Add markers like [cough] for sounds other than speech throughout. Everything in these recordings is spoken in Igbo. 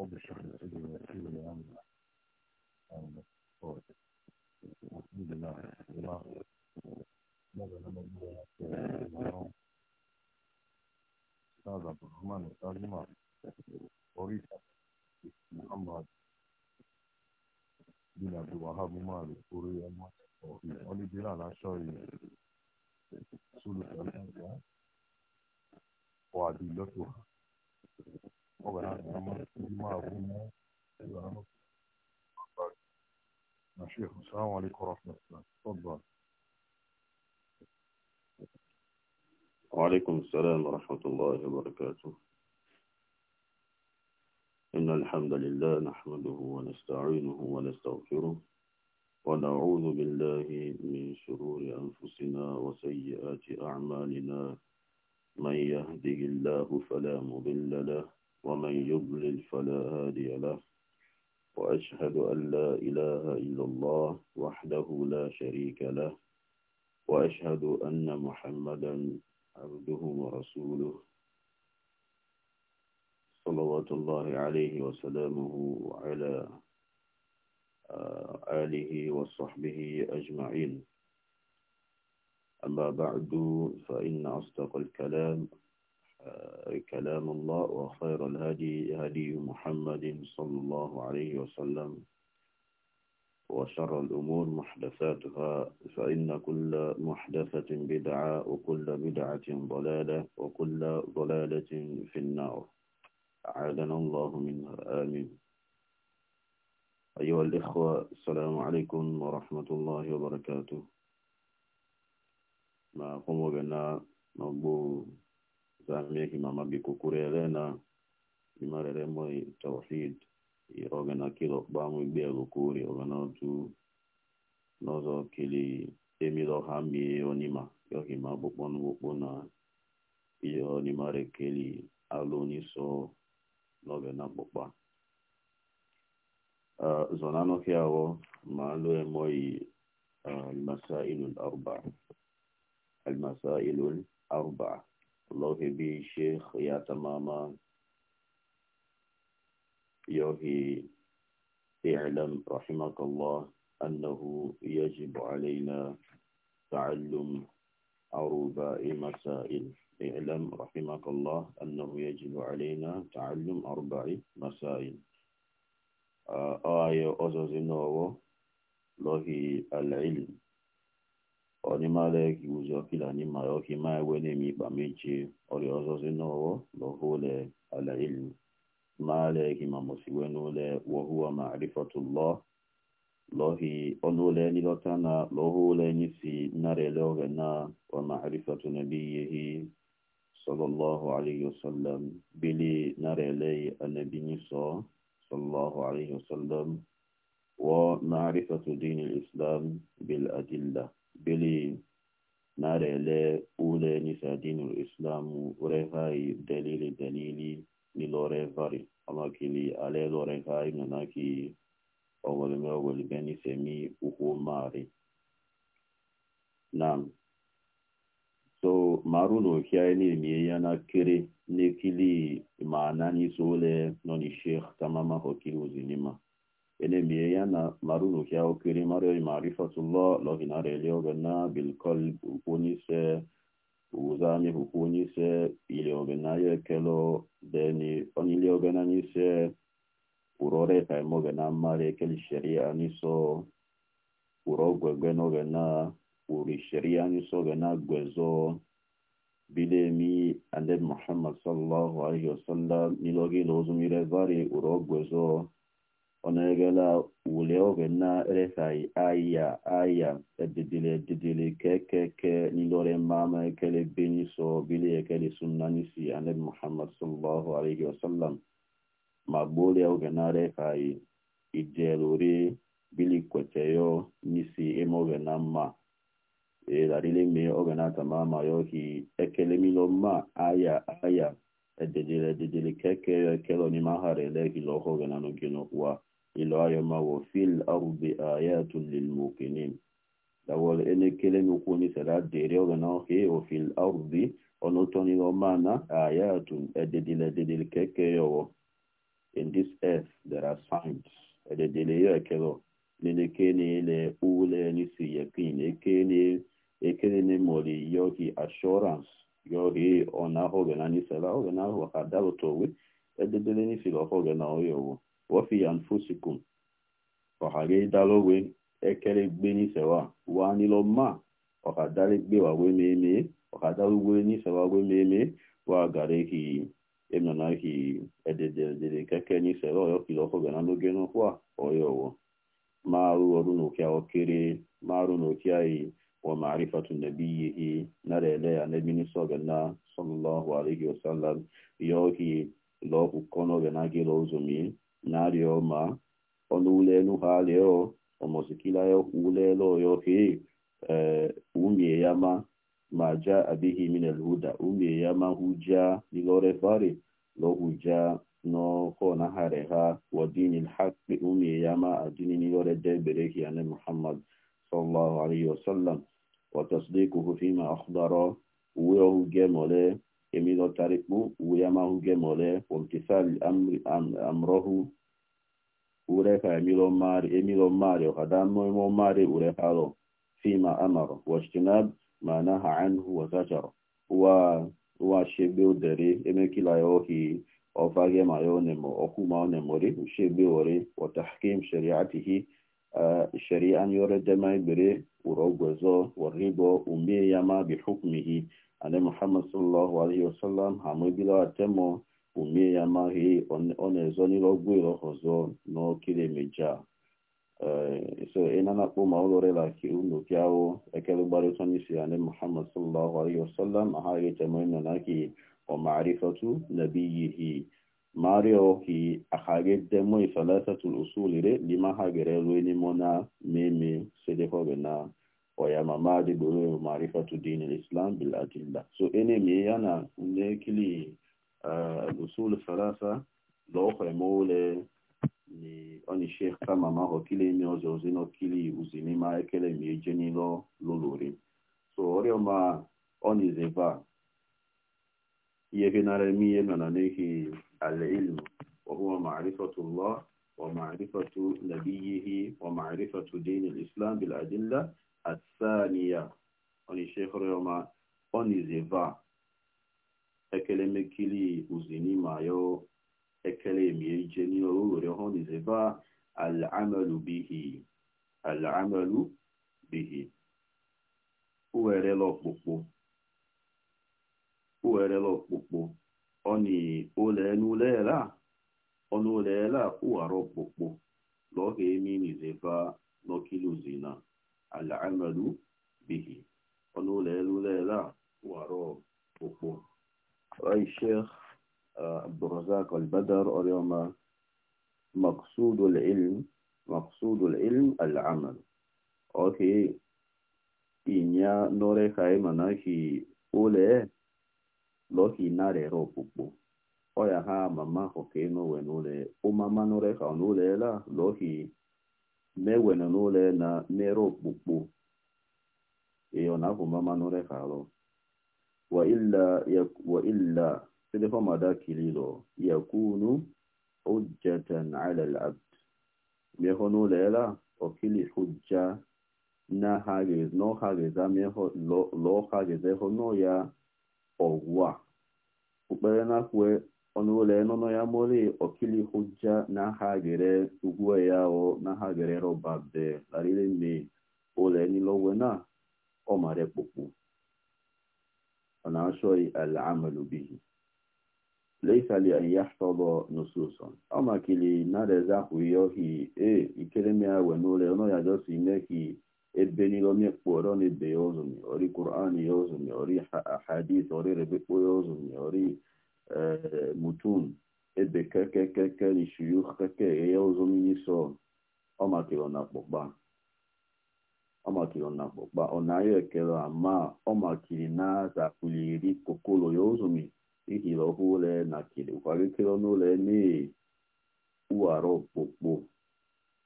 وبشر الأجر وسيل الأمر الحمد لله الله ماذا لما يقول أستاذ عبد الرحمن أستاذ عمر أريد محمد بن عبد الوهاب مالك أريد أن أولي بلال عشاري ثلث الأرض وعديلتها شيخ السلام عليكم ورحمة الله تفضل وعليكم السلام ورحمة الله وبركاته إن الحمد لله نحمده ونستعينه ونستغفره ونعوذ بالله من شرور أنفسنا وسيئات أعمالنا من يهده الله فلا مضل له ومن يضلل فلا هادي له وأشهد أن لا إله إلا الله وحده لا شريك له وأشهد أن محمدا عبده ورسوله صلوات الله عليه وسلامه وعلى آه، آله وصحبه أجمعين أما بعد فإن أصدق الكلام كلام الله وخير الهدي هدي محمد صلى الله عليه وسلم وشر الأمور محدثاتها فإن كل محدثة بدعة وكل بدعة ضلالة وكل ضلالة في النار عادنا الله منها آمين أيها الإخوة السلام عليكم ورحمة الله وبركاته ما قوم بنا نبو zamie kimama gikukurele na imareremo tawhid iroge na kilo bamu igbe lukuri oge na otu n'ọzọ kili emilo ha mie onima yohima gbokpongbokpo na ihe onimare keli alụ oniso n'oge na mkpọkpa zonanoke awo ma alụ emoyi المسائل الأربع المسائل الأربع الله بي شيخ يا تماما يوهي اعلم رحمك الله أنه يجب علينا تعلم أرباء مسائل اعلم رحمك الله أنه يجب علينا تعلم أربع مسائل آية أزازنوه لهي العلم ọdịmaleki ụzọ ọkila ni mara ọkị ma ewe na-eme ikpa mechie ọrịa ọzọzi n'ọwọ lọhụle ala ilu maleki ma mụsiwe n'ụlọ wọhụwa ma rifatụlọ lọhi ọnụụlọ enilọta na lọhụle nyisi narele oge na wama rifatụ nabiyehi sallallahu alaihi wasallam bili narele anabinyiso sallallahu alaihi wasallam ومعرفة دين الإسلام بالأدلة bili narele ule nisa dinul islamu urefai dalili dalili nilorefari amakili ale lorefai nanaki ogolime ogolibeni semi uhumari nam so maru no kia ni mie yana kiri nekili maana ni sole noni sheikh tamama hokiru zinima enemie ya na marunuhia okiri mario marifatullah loginareli ogena bilkol ukponise uzani ukponise ili ogena ya ekelo deni onili ogena urore kaimo ogena ekeli sheria niso uro uri sheria niso ogena gwezo bidemi ande muhammad sallallahu alaihi wasallam nilogi lozumirezari uro gwezo onegela wule oge na-eresaghi aya aya edidile edidile kekeke nilore mama ekele beni so bili ekele sunna nisi aneb muhammad sallallahu alaihi wasallam ma gbole oge na-eresaghi ijelori bili kweteyo nisi eme oge na mma elarire mee oge na-ata mama yohi ekele milo mma aya aya edidile edidile keke ekele onime ahara ele gilo oge na n'oge n'okwu a ilo ayoma wo fil ardi ayatun lil mukinin dawol ene kele mi kuni sara dere o na he o fil ardi ono toni lo mana ayatun ededile ededile keke yo in this earth there are signs ededile yo ekelo nene kene ile ule ni si yakin ekene ekene ne mori yo ki assurance yo he ona ho gana ni sara o gana ho kadalo towe ededile ni filo ho gana o yo وفي أنفسكم وحاجي دالوين ekele gbe n'isewa wa nilo ma ọkadari gbe wa we meme ọkadari gbe n'isewa wa gara ehi emena ehi edededere keke n'isewa ọyọ kilo ọkọ gana n'oge n'ọkwa ọyọ ọwọ maarụ ọrụ n'oke nara ele ya nabi n'iso gana sallallahu alaihi wasallam yohi lọkụ gị na-arịọ ma ọnụ ụlọelu ha arịọ ọmọsikila ule e ụlọelu ọyọ he umie ya ma ma ja adịghị minel huda umie ya ma huja lilorefari lọhuja n'ọkọ nahare ha wadini hakpi umie ya ma adini nilore debere hiane muhammad sallallahu alaihi wasallam وتصديقه فيما أخبره ويوم جمله emizo tarikbu uyama huge mole wamtisali amri am, amrohu ureka emilo mari emilo mari okadamo emo mari urekalo fima amaro wajtinab manaha anhu wazajaro wa wa shebe udere emekila yohi ofage mayonemo okuma onemori ushebe ore watahkim shariatihi uh, shari'an yoredema ibere urogwezo waribo umeyama bihukmihi ale muhammad sallallahu alaihi wasallam amebila atemo umie ya mahi ọna-ezo n'ilọgwu ilo ọzọ n'okiri meja so ina na kpoma ụlọrela ki unu kiawo ekele gbarịtọ n'isi ale muhammad sallallahu alaihi wasallam ahaghị etemo ịnọ na ki ọmarifatu nabiyihi mario hi akage demo ifalasatu usulire lima hagere lueni mona meme sedekogena ويماما دي بلو معرفة دين الإسلام بالأدلة سو so, إني ميانا نكلي آه الأصول الثلاثة لو خيمولي ni oni sheikh kama maho kile mi ozo zino kili uzini ma ekele mi ejeni lo lolori so ori ma oni zeba yegenare mi yemana neki al ilm wa huwa ma'rifatullah wa ma'rifatu nabiyhi wa ma'rifatu din al islam bil adilla asaniya onishekhoroma onizeva ekele ekelemekili uzinimayo ekelemiejeniorureonizeva alamalu bihi alamalu bihi uwerela ọkpụkpụ uwerela ọkpụkpụ ọni ụlọenulela ọnụụlọela ụghara ọkpụkpụ lọ ga-eme nizeva n'okiluzina العمل به ولولا لولا وراء وقوع أي شيخ آه، عبد الرزاق البدر اليوم مقصود العلم مقصود العلم العمل أوكي إنيا نوري كاي مناكي أولي لوكي ناري رو بوبو أويا ها ماما خوكي نوين أولي أماما نوري خان أولي لا لوكي mewena n'ụlọ na mere okpukpo ịyọ na n'ụlọ ka alụ wa yakunu ala meho n'ụlọ la okili hujja na meho lo hageze ho no ya ogwa ukpere na kwe onuole nono ya mole okili hujja na ha gere ugwe ya o na ha gere roba de larile me ole ni lowe na ọ o mare ọ na-achọghị ala amalu bihi laysa li an yahtada ọ ama kili na reza ohi hi e ikere me awe nole ono ya just imeki ebe nilo mi na ebe ya yozumi ori ya yozumi ori hadith ori rebe yozumi ori mutun ebe kekekekeri shuyukh keke eye ụzọ mmiri sọ ọmakịrị ọnakpọkpa ọmakịrị ọnakpọkpa ọ naghị ekele ama ọmakịrị na-azapụli eri kokolo ya ụzọmi ihiri ọhụrụ na kiri kwagekere n'ụlọ na uwara ọkpụkpụ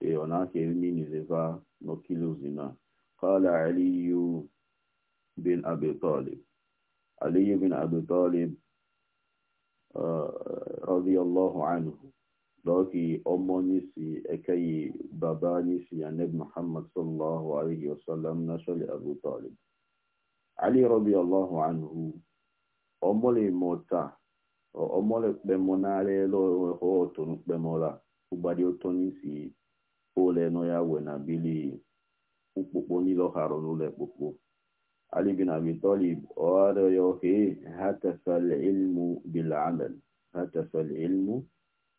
ee ọ naghị eminileva n'okilozina قال علي بن أبي طالب علي بن أبي طالب radiyallahu anhu lọ́kì ọmọ nísì ẹ̀kẹ́yì bàbá nísì anab muhammad sallallahu alayhi wa sallam nasọ́lẹ̀ abu talib ali radiyallahu anhu ọmọ lè mọ̀ta ọmọ lè pẹ́mọ́ náírà lọ́wọ́ ẹ̀họ́ ọ̀tọ̀ ní pẹ́mọ́ la gbadé ọtọ́ ya wẹ̀ nàbílì púpọ̀ nílọ̀ علي بن أبي طالب وهذا يوحي هتف العلم بالعمل هتف العلم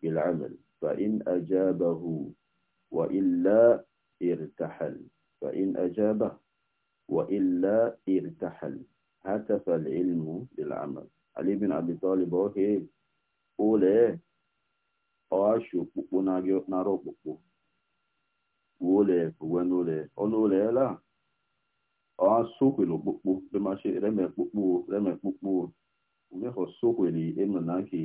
بالعمل فإن أجابه وإلا ارتحل فإن أجابه وإلا ارتحل هتف العلم بالعمل علي بن أبي طالب وهي أولى أشوف نارو بقو أولى ونولى أولى لا ọha sokwere e okpukpu bemachi remekpukpu remekpukpu umeho sokwere eno na ke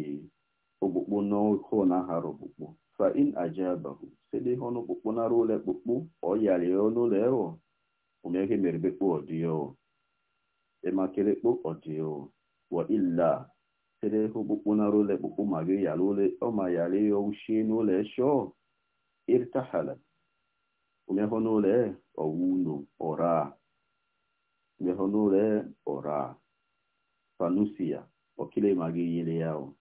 okpukpu n'oho na hara okpukpu fa in ajabahu sede ihe ọnụ okpukpu nara ụlọ ọ ekpukpu ọyari ọnụụlọ eho umeke merebekpo ọdịo emakelekpo ọdịo wa illa sede ihe okpukpu nara ụlọ ekpukpu ma gị yara ụlọ ọma yara ya ochie n'ụlọ esho irtahala umeho n'ụlọ ọwuno ọra yeholure ora fanusia okile magi yele yao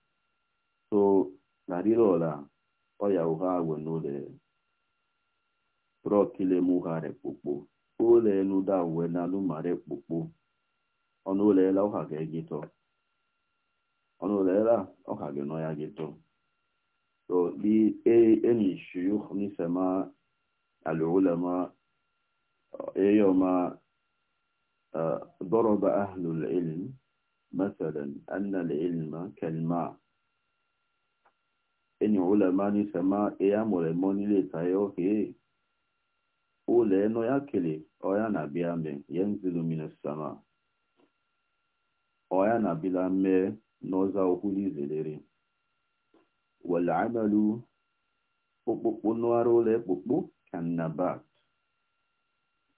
so narilola oya uha wenule pro kile muhare popo ya nuda wena lumare popo onulela oha gegito ya oha genoya gito so li e al ulama ضرب أهل العلم مثلا أن العلم كالماء إن علماء نسمى إيام ولمون لتايوكي ule no yakili oya na biambe yenzilu min sama oya na bilame noza okuli zeleri wal amalu popo kan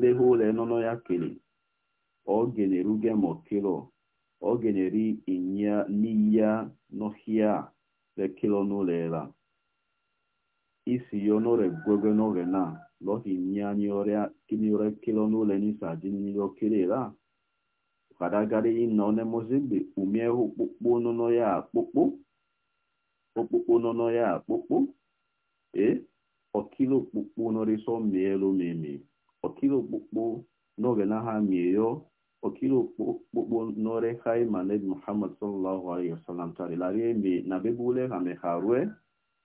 ụlọ nono ya kele ọ mokilo ogeneri inya n'iya n'ọhịa lekilo n'ụlọela isi yo n'ore gwegwe n'oge na lọhi nya n'ore kilo n'ụlọ n'isa dị n'iyo kelela kadagari ina one umie ya akpụkpụ okpụkpụ nono ya akpụkpụ ee ọkilo okpukpo n'oriso okiri okpukpo ha mieyo okiri okpukpo n'orehai maned muhammad sallallahu alaihi wasallam tarilari emi na bebule hameharue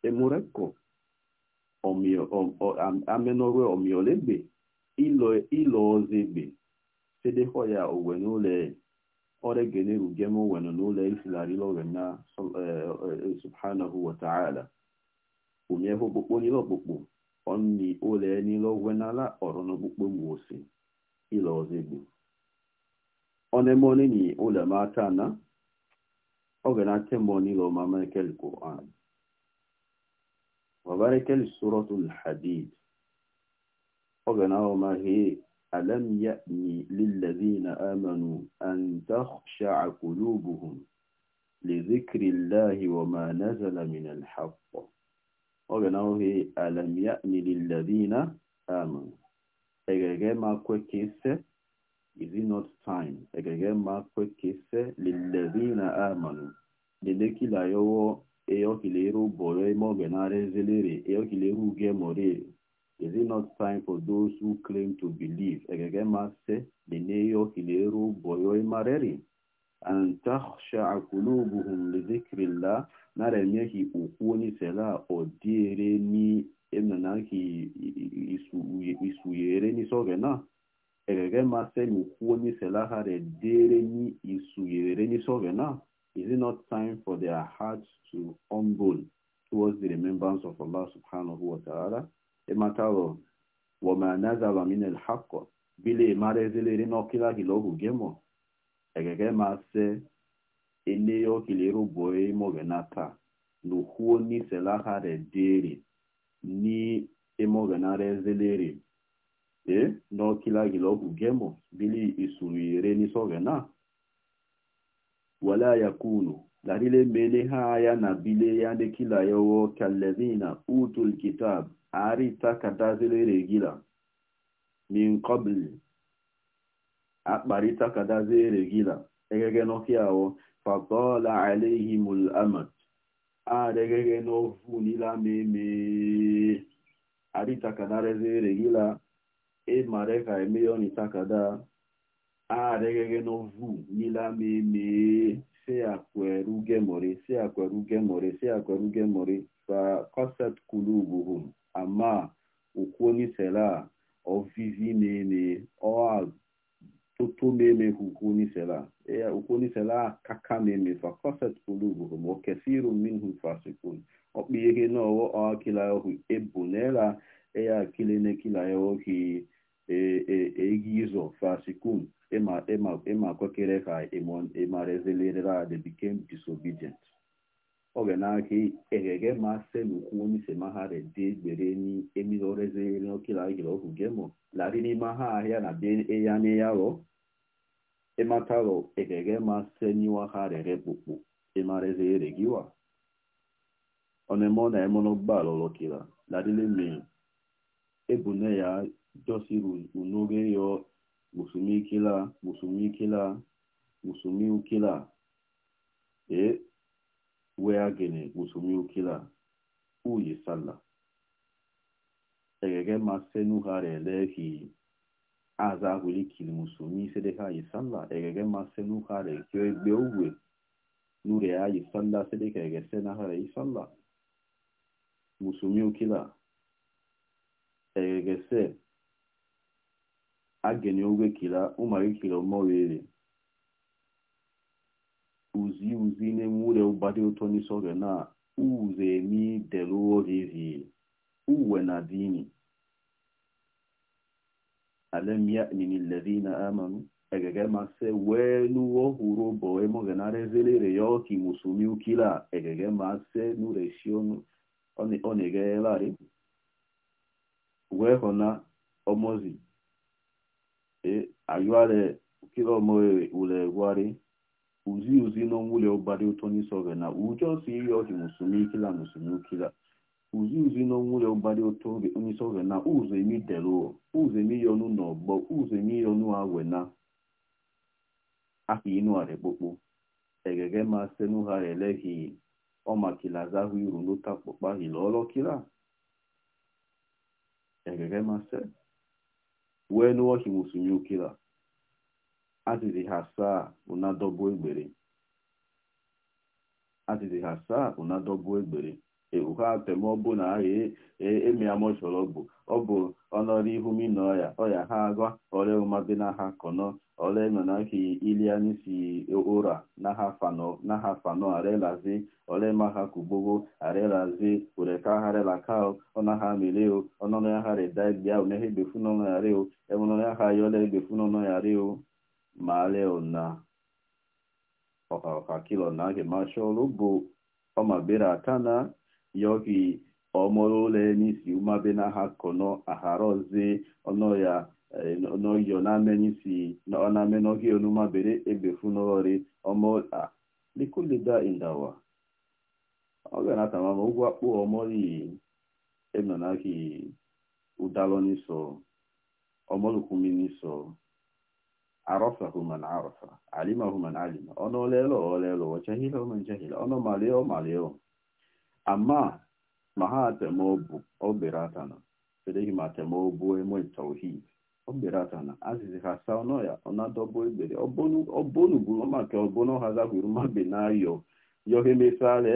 emureko amenorue omiolegbe ilo ozegbe sedehoya owe n'ụlọ oregenerugem owenu n'ụlọ isilarila ogena eh, eh, subhanahu wa ta'ala umiehe okpukpo n'ile okpukpo onni ole n'ilogwenala ọrụ n'okpukpe mwosi ile ozegbu onemone ni ole mata na oge na temoni lo mama ekel quran وبارك سورة الحديد وقناهما هي ألم يأني للذين آمنوا أن تخشع قلوبهم لذكر الله وما نزل من الحق ogenaohi alam ya'ni lilladhina amanu egege makwe kise is it not time egege makwe kise lilladhina amanu lilekila yowo eyokileru boro Eyo ogenarezelere ge ugemorere is it not time for those who claim to believe egege mase lineyokileru boyo emareri an takhsha qulubuhum li dhikrillah sela sogena egege sela sogena is it not time for their hearts to humble towards the remembrance of Allah subhanahu wa ta'ala ematalo wama nazala min alhaq bile marezelere nokila hilohu gemo egege masel eneo kiliruboe mogenata nuhuo ni selaha redere ni emogena rezelere e no kila kilo kugemo bili isurire ni sogena wala yakunu dalile mene haya na bile yande kila yowo kalladhina utul kitab ari takadazilere gila min qabli akpari takadazilere gila egege no kiawo fàtọ́lá àìlẹ́hìmùl amad ààrẹ̀gẹ́gẹ́ náà fún nílá mẹ́mẹ́ àrítakàdá rẹ̀zẹ́ rẹ̀ gíla ẹ̀màrẹ́kà ẹ̀mẹ́yọ́ nítakàdá ààrẹ̀gẹ́gẹ́ náà fún nílá mẹ́mẹ́ sí àpẹ̀rú gẹ́mọ̀rẹ́ sí àpẹ̀rú gẹ́mọ̀rẹ́ sí àpẹ̀rú gẹ́mọ̀rẹ́ fa kọ́sẹ̀t kulu gbogbo àmà òkú oníṣẹ̀lá ọ̀fíìsì mẹ́mẹ́ ọ́ àgbà. تطمم هكوني سلا هكوني سلا ككمم فقصت قلوبهم وكثير منهم فاسقون أبيه نو أكلا هو إبنلا إيا كلنا كلا يوكي egizo fasikun ema ka oge n'aka eghege ma se n'ukwu onye se ma ha ni emiloreze gemo ahịa na be ya Ematalo egege ma senyiwa ha rere kpukpu emareze eregiwa onemo na emono gbalo lokila ladile mi ebune ya josi unoge yo musumi kila musumi kila musumi ukila e wea gene musumi ukila uyi sala egege ma senu ha rere hii aza hulikili musulmi sai dai kayi sallah egege masu nuka da kiyo igbe uwe nure ya yi sallah sai dai kayi gese na hara yi sallah musulmi ukila egege se ageni ogwe kila umari kila umorere uzi uzi ne mure ubade uto nisore na uze mi delu oriri uwe na dini alam ya'min alladhina amanu egege mase welu ohuru bo emogenare zelere yo ki musumi ukila egege mase nure shionu oni onege lari wehona omozi e ayuare ukila omoe ule gwari uzi uzi no mule obari utoni soge na ujo si yo ki musumi ukila musumi uzuzu n'onwe ya ụbara otu onye isi oge na ụzọ emi dere ụzọ emi ya na ọgbọ ụzọ emi ya ọnụ awe na aka inu arịkpụkpụ egege ma senu ha eleghị ọmakila zahụ iru n'ụta kpọkpa hila ọlọkila egege ma se wee n'ụwọchi musunye okila azịzi ha saa ụna dọgbuo egbere azịzi ha saa ụna dọgbuo egbere ewu ha temọbụ na ahịa emiamocholọbụ ọ bụ ọnọrọ e, e, e ihu minọ ya ọya ha agwa ọrịa ụmadị na ha kọnọ ọrịa nọ na ki iliani si ụra na ha fanọ arelazi ọrịa ma ha kugbogo arelazi were ka ha harela ka na ha mere o ọnọrọ ya ha reda egbe ahụ ha egbefu n'ọnọ ya reo enwere ya ha yọla egbefu n'ọnọ ya reo ma leona na ọha kilo na agị machọlụ bụ ọmabere aka na yoki ọmọrụle n'isi umabe na ha kọnọ aharozi ọnọya eh, n'oyo n'amenisi ọnamenogi onumabere ebefunori ọmọ a ah, likulida indawa ọ na tamama ụgwọ akpụ ọmọri emenaki udaloniso ọmọlukuminiso عرفه من عرف علمه من علم أنا لا لا لا لا ọnụ ama mahatemobu oberatana fedehi matemobu emwe tauhid oberatana azizi hasa onoya onadobo ebere obonu obonu bulo make obonu haza huruma benayo yohemesale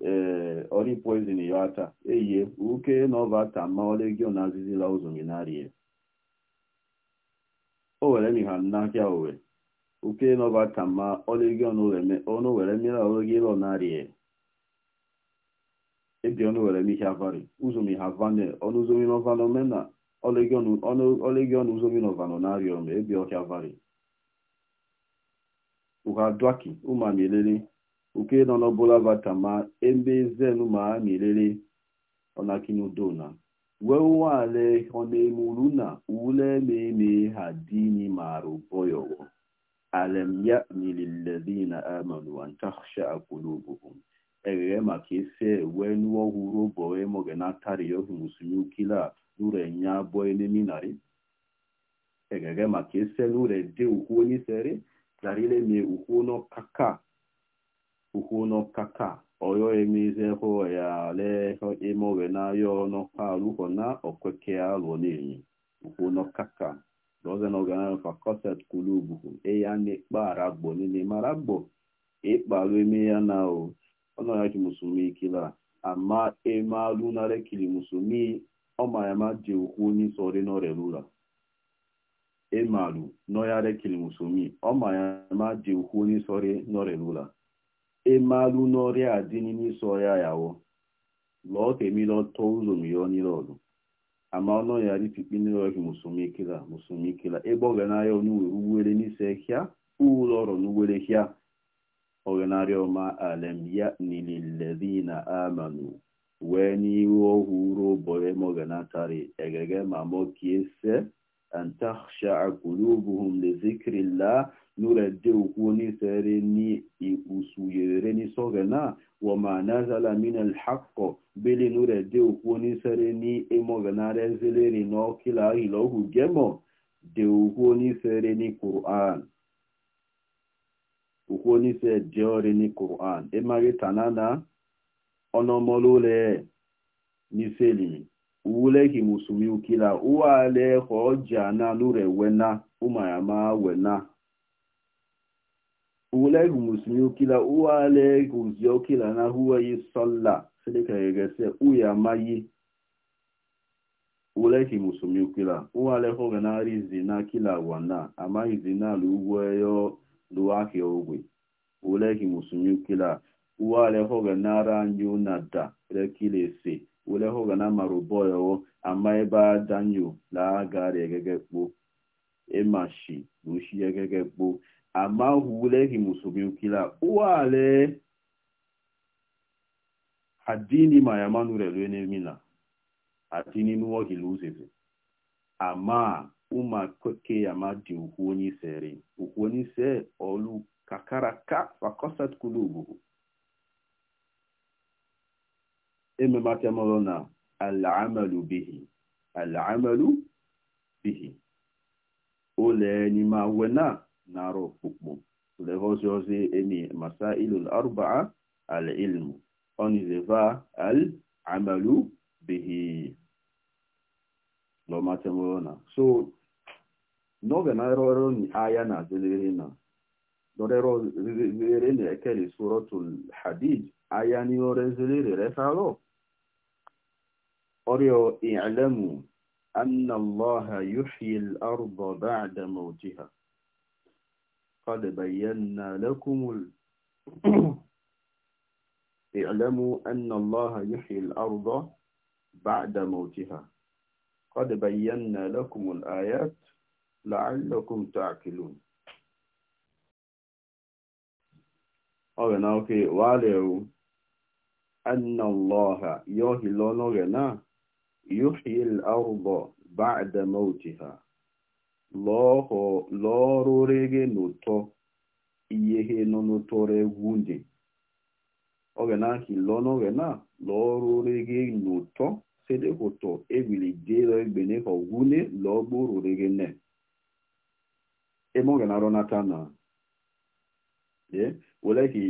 ee eh, ori poison yo ata eye uke novata ma olegio na azizi la o were mi ha owe uke ma olegio na onu were ebi ọnụ were mihe avari uzomi ha vane ọnụ uzomi novano mena olegi ọnụ uzomi novano nario me ebi ọhịa avari uhadwaki umamilele uke nọ n'ọbụla vatama ebe zenu ma milele ọnakinudona wee nwale ọ na-emuru na ule na-eme ha dini marụ bọyọwọ alam ya mililladina amanu an takhsha qulubuhum egheghe maka ise enwe nuwo huru boe mogenatari yohi musumi ukila nure nya boe neminari egheghe maka ese nure de ukwu onisere garile mi ukwu no kaka ukwu no kaka oyo emize ya le ho imo we na yo no pa na okweke no kaka lọzọ na oge ahụ fakọtet kwuru eme ya na o ọ̀nà kí mùsùlùmí kìlà àmà ẹ̀mà lúnarẹ̀ kìlì mùsùlùmí ọmọ àyàmá jẹ òkú ní sọ̀rẹ́ náà rẹ̀ lúra ẹ̀mà lù nọ́yàrẹ̀ kìlì mùsùlùmí ọmọ àyàmá jẹ òkú ní sọ̀rẹ́ náà rẹ̀ lúra ẹ̀mà lúnarẹ̀ àdínní ní sọ̀rẹ́ àyàwó lọ́ọ̀tẹ̀mí lọ tọ́ òzòmíyọ́ nílọ̀ọ̀lù àmà ọ̀nà yàrá ogenario ma alem ni lilladina amanu weni wohuro boye mogenatari egege mo kiese an takhsha'a qulubuhum li dhikrillah de ukuni sere ni usuyere ni sogena wa ma nazala min alhaq bili de ukuni sere ni emogenare zeleri no kila ilohu gemo de ukuni sere ni qur'an ukwonise diori ni quran emari tanana onomolule niseli ulehi musumi ukila uwale hojana nure wena umayama wena ulehi musumi ukila uwale huzio kila na huwayi salla silikayegese uyamayi uleki musumi ukila uwale hogena rizina kila wana ama izina luweyo duwake ogwe ulehi musulmi kila uwale hoga nara nyu nada rekilese, se hoga na maruboyo ama ebe adanyu la agara egege kpo emashi lushi egege kpo ama ulehi musulmi kila uwale adini mayamanu relwe nemina adini nuwo hiluzizi ama uma kweke ya madi uhuoni seri uhuoni se olu kakaraka fakosat kulubu eme matemolona al'amalu bihi al'amalu bihi ole ni ma wena naro pukpu le hozi ozi eni masailu al-arba'a al-ilmu oni leva amalu bihi lo matemolona so n'oge na-arụ ọrụ aya na zelere na dorero zelere na-ekele suratul hadid aya ni ore zelere refalo ọrịọ i'lamu anna allaha yuhyi al-arda ba'da mawtiha qad bayyana lakum اعلموا أن الله يحيي الأرض بعد موتها قد بينا لكم الآيات لعلكم تعقلون ọrịa oke walewu anna allaha yohilo n'oge na yuhyil arụbọ ba'da mautiha lọrụ rege n'ụtọ iyehe nọ n'ụtọrọ egwu ndị oge na hilo n'oge na lọrụ rege n'ụtọ sedekwụtọ ewilidere egbenehọgwune lọgbụrụ rege ne emonge na ronata na ye ole hi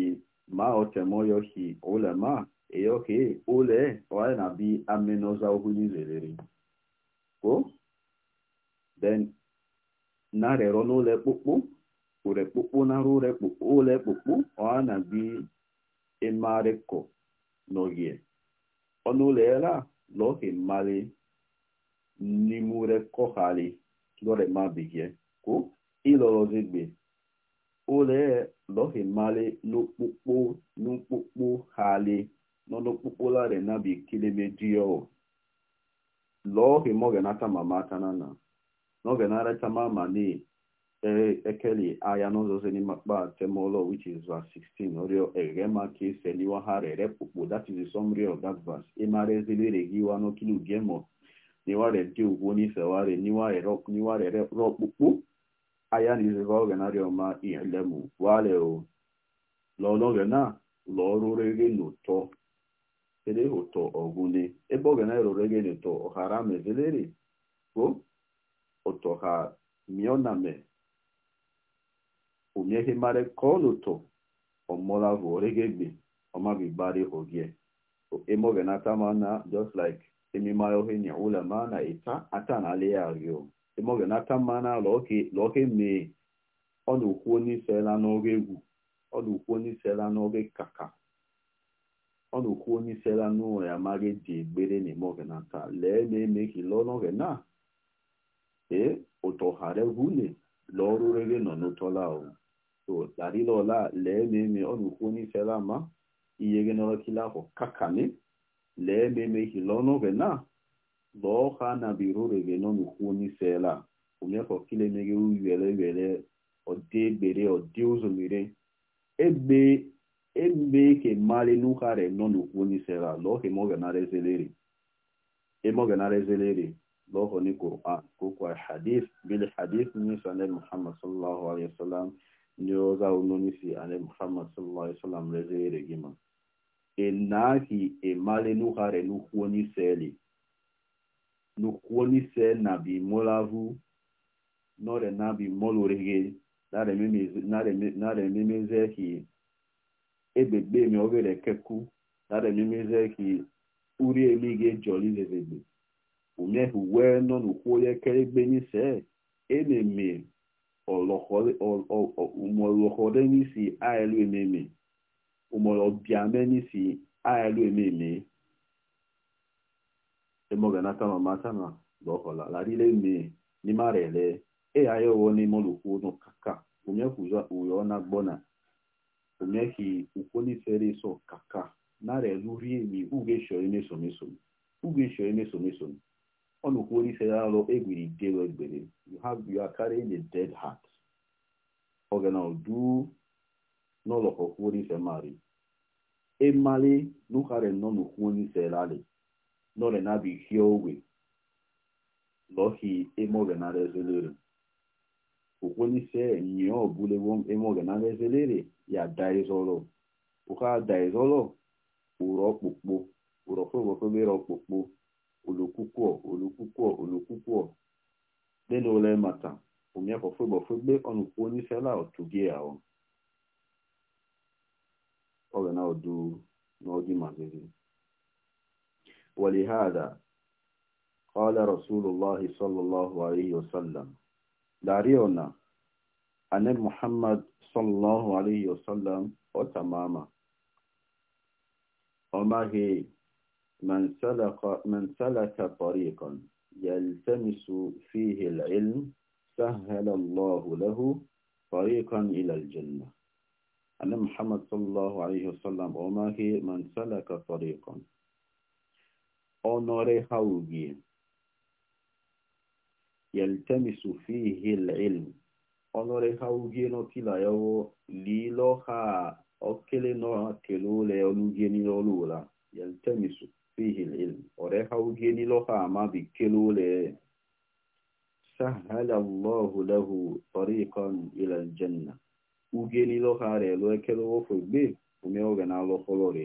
ma otemo yo hi ole ma eyo hi ole oye na bi amenoza ohuli zerere ko then na rero n'ụlọ kpụkpụ ure kpụkpụ n'arụ na rụ ụlọ ekpukpu oye na bi ịmarịkọ n'ogie ọnụ ụlọ ela lọhi mmali n'ime ure kọhali lọre ma bigie ko ịlọrọzigbe ole lọhimali n'okpukpo n'okpukpo hali nọ n'okpukpo lare nabi kilemedio lọhim ogenata mama ma n'ogenareta mama ni ekeli aya n'ụzọzi n'ime akpa temolo which is verse 16 rio egema ka ha rere kpukpo that is the summary of that verse wa aya na izere oge narị ọma ilemu wale o lọlọge e na lọrụre gị n'ụtọ ele ụtọ ọgwụne ebe oge na erore gị n'ụtọ ọhara mezelere o ụtọ ha mioname omiehe mare kọnụtọ ọmọlavụ oregegbe ọmabigbari ogie emogenata mana just like emima ohe nya ulama na ịta e ata na ale ya rio emoge n'aka mmanụ lọke mee ọ na-ekwu onye isela n'oge egwu ọ na-ekwu onye n'oge kaka ọ na-ekwu onye isela n'ụlọ ya maghị dị egbere na emoge n'aka lee na-eme ka ịlọ n'oge na ee ụtọ ghara egwule lọrụ rere nọ n'ụtọla ahụ so larịlọla lee na-eme ọ na-ekwu onye isela ma ihe gị n'ọkịla ahụ kakani lee na-eme ka ịlọ n'oge na lọọ ha na biro reveno nukwu n'isela ụnyaahụ kile meghe uyele wele ọdị egbere ọdị ụzọmire egbe egbe ke mali n'ụha reno nukwu n'isela lọọ ha emogenarezeleri emogenarezeleri lọọ ha ni koran kokwa hadith bil hadith nisa ne muhammad sallallahu alaihi wasallam ni ọza unonisi ale muhammad sallallahu alaihi wasallam rezeleri gima enahi emali n'ụha reno nukwu n'iseli n'ukwonise na bimolavu nore na bimolurege narememezeki ebegbemi obere keku narememezeki uri emige joli zezebe umehu wee nọ n'ukwoye kelegbenise ememe umolohorenisi aelu ememe umolobiamenisi aelu ememe emoganata mamatana lohola larile mi nimarele eyayowo nimolukuno kaka umyekuza uyona gbona umyeki ukoniseriso kaka nareluriemi ugeshoemesomesomi ugeshoemesomesomi onukuoniseralo egwiri dewe egbere you have you are carrying a dead heart ogana odu nolokokuonisemaari emali nukarenonukuoniserale n'orena bihiowe lohi emorena rezelere ukwenise nyio bule won emorena rezelere ya daizolo uka daizolo uro kpukpu uro kwegbekwegbere ọkpụkpụ olukwukwọ olukwukwọ olukwukwọ dị n'ole mata omiakọfegbọfegbe ọnụkwu onyeisiala ahụ ọ ga na odu n'ọdị ولهذا قال رسول الله صلى الله عليه وسلم داريونا أن محمد صلى الله عليه وسلم وتماما وما هي من سلك من سلك طريقا يلتمس فيه العلم سهل الله له طريقا إلى الجنة أن محمد صلى الله عليه وسلم وما هي من سلك طريقا honore haugie yeltemisu fihi lilm honore haugie no kila yawo lilo ha okele no telule olugie ni olula yeltemisu fihi lilm ore haugie ni lo ha ma bi kelule سهل الله له طريقا إلى الجنة وجيني لو خاري لو كلو فوق بيه وميوغنا لو خلوري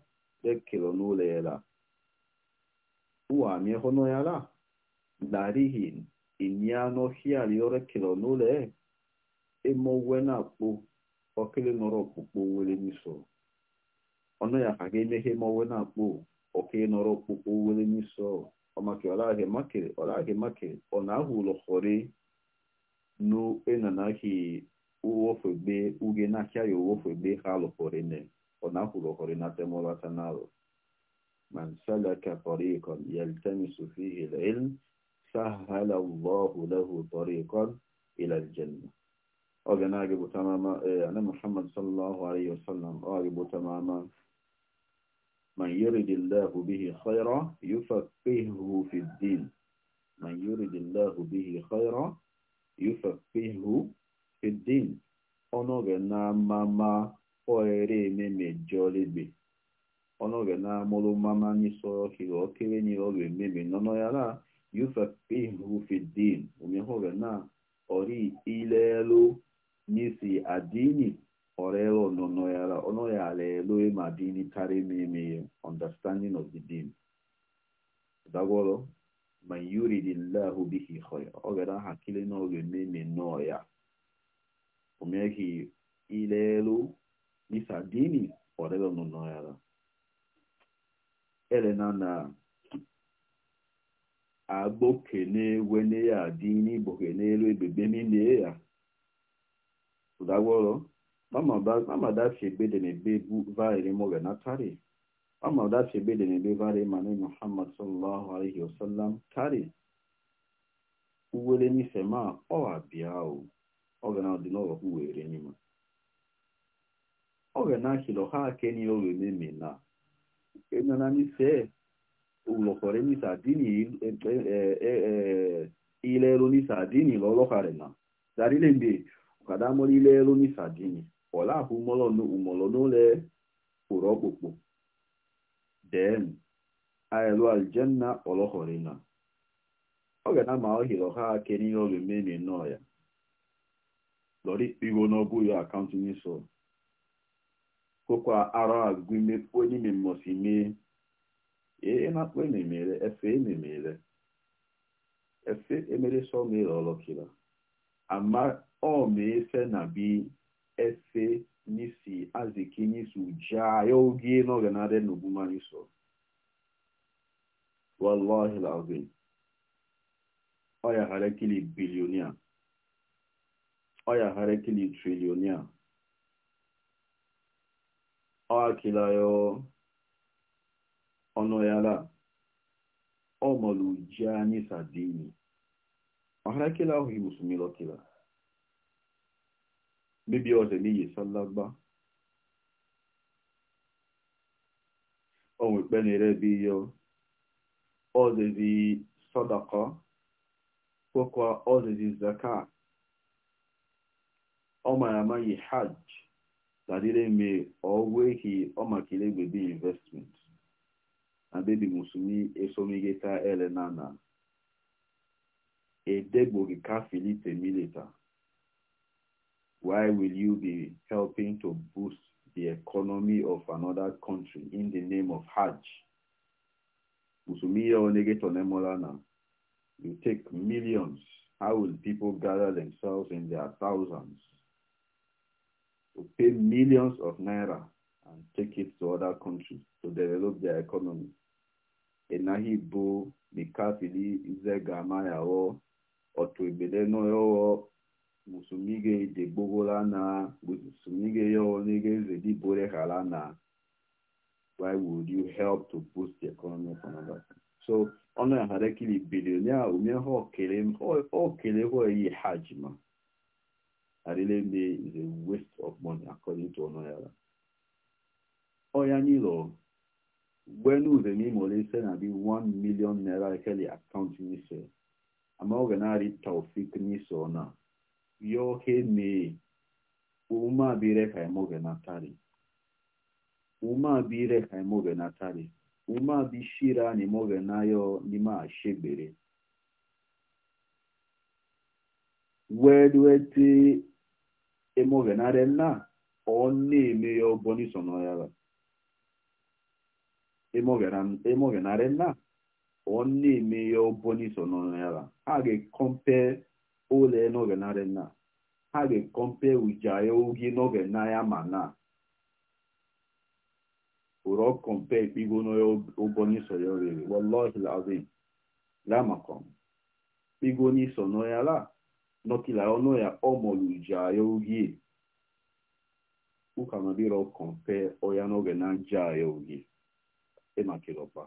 ekele e n'ụlọ ya ụwa mieho n'oyala darihin iniano hialiore emowe na-akpụ ọkịlị nọrọ n'iso ọnụ ya ka ga-emeghe emowe na-akpụ ọkịlị nọrọ ọkpụkpụ wele n'iso ọmaki ọlaghe makere ọ e na-ahụ ụlọhọrị uwofegbe uge na-ahịa ya uwofegbe ha lụhọrị ونقول ناتم وتنار من سلك طريقا يلتمس فيه العلم سهل الله له طريقا إلى الجنة أجناجب تماما إيه، أنا محمد صلى الله عليه وسلم أجب تماما من يرد الله به خيرا يفقهه في الدين من يرد الله به خيرا يفقهه في الدين أنا جنا ماما eme ohere ememejọlebe ọnọgena mọlụmama ní sọrọ kiri ọkẹrẹ ní ọrọ ememe nọnọ yàrá yufa pihufidin omihorena ọrí ilẹẹló nísì adini ọrẹẹrọ nọnọ yàrá ọnọyàrá ẹló emadini kárí mímí understanding of the deen dagwọrọ man yuridillahu bihi khayra ọgara hakile n'ọrọ ememe nọọ ya omeghi ilẹẹló nisa dini orebe nuno yara elena na na agbokene wene ya dini gbokene elu ebebe niile ya ụdagwọrọ mama dafi ebede na-ebe bu vaịrị moge na tari mama dafi ebede na-ebe vaịrị ma ne muhammad sallallahu alaihi wasallam tari uwere n'ife ma ọ abịa o ọ ga na ọdịnọgọ uwere n'ime ogenahilo ha keni owememena enanamise ulokorenisa dini e, e, e, ilerunisa dini lolokarena darilembe ukadamoli ilerunisa dini olahu umolonu umolonule urokpukpu then aelu na. olokorena ogena ma ohilo ha keni owememenoya lori igo n'ọgụ akaụntụ kokwa ara gumepo si mee e na kwe nemere efe nemere efe emere so mere olokira ama ọ mee efe na bi efe nisi aziki nisu ja yogi no ganade nuguma niso wallahi alazim oya ọ bilionia ghara ekili trilionia Ọ hakilala ọnụ yara ọ maara o ji anyịsa adịmị maara kila ahụ yi musumeli ọ kila ọzọ ibi ọ dị mịrị ọ ma ekpe na ire bi ya ọ dịghị sadaka kpọkwa ọ zaka ọ maara m hajj. sadire me owe hi omakile gbede investment abebi musumi esomigeta ele nana edegbogi ka filite milita why will you be helping to boost the economy of another country in the name of hajj musumi ya oh, onegeto nemolana you take millions how will people gather themselves in their thousands to pay millions of naira and take it to other countries to develop their economy. Enahi bo mikafili izegama yawo otuebele no yowo musumige degbogola na musumige yowo nige zedi bore na why would you help to boost the economy of another So ọnụ ya hara kili bilionia umeho kele ho ho yi hajima Arelende is a waste of money, according to Onoyala. Oyanilo, when the Mole said I be one million naira Kelly account Nise, I'm gonna read Taufik Nisona. Yo he me, Uma bire kaimogenatari. Uma bire kaimogenatari. Uma bishira ni na yo mogenayo nima ashebere. Wedwete emoghenarị nna ọ na-eme ya ọbọ n'iso n'ọyara emoghenarị nna ọ na-eme ya ọbọ n'iso n'ọyara ha ga-ekọmpe ole n'oghenarị nna ha ga-ekọmpe uja ya oge n'oghenaya ma na ụrọ kọmpe ikpigo n'ụbọ n'iso ya oriri wallahi lazim lamakọm ikpigo n'iso n'ọyara nọkila ọnụ ya ọmọlujayo uhie ụka nabiro kọmpe n'oge na njayo uhie ịmakilọpa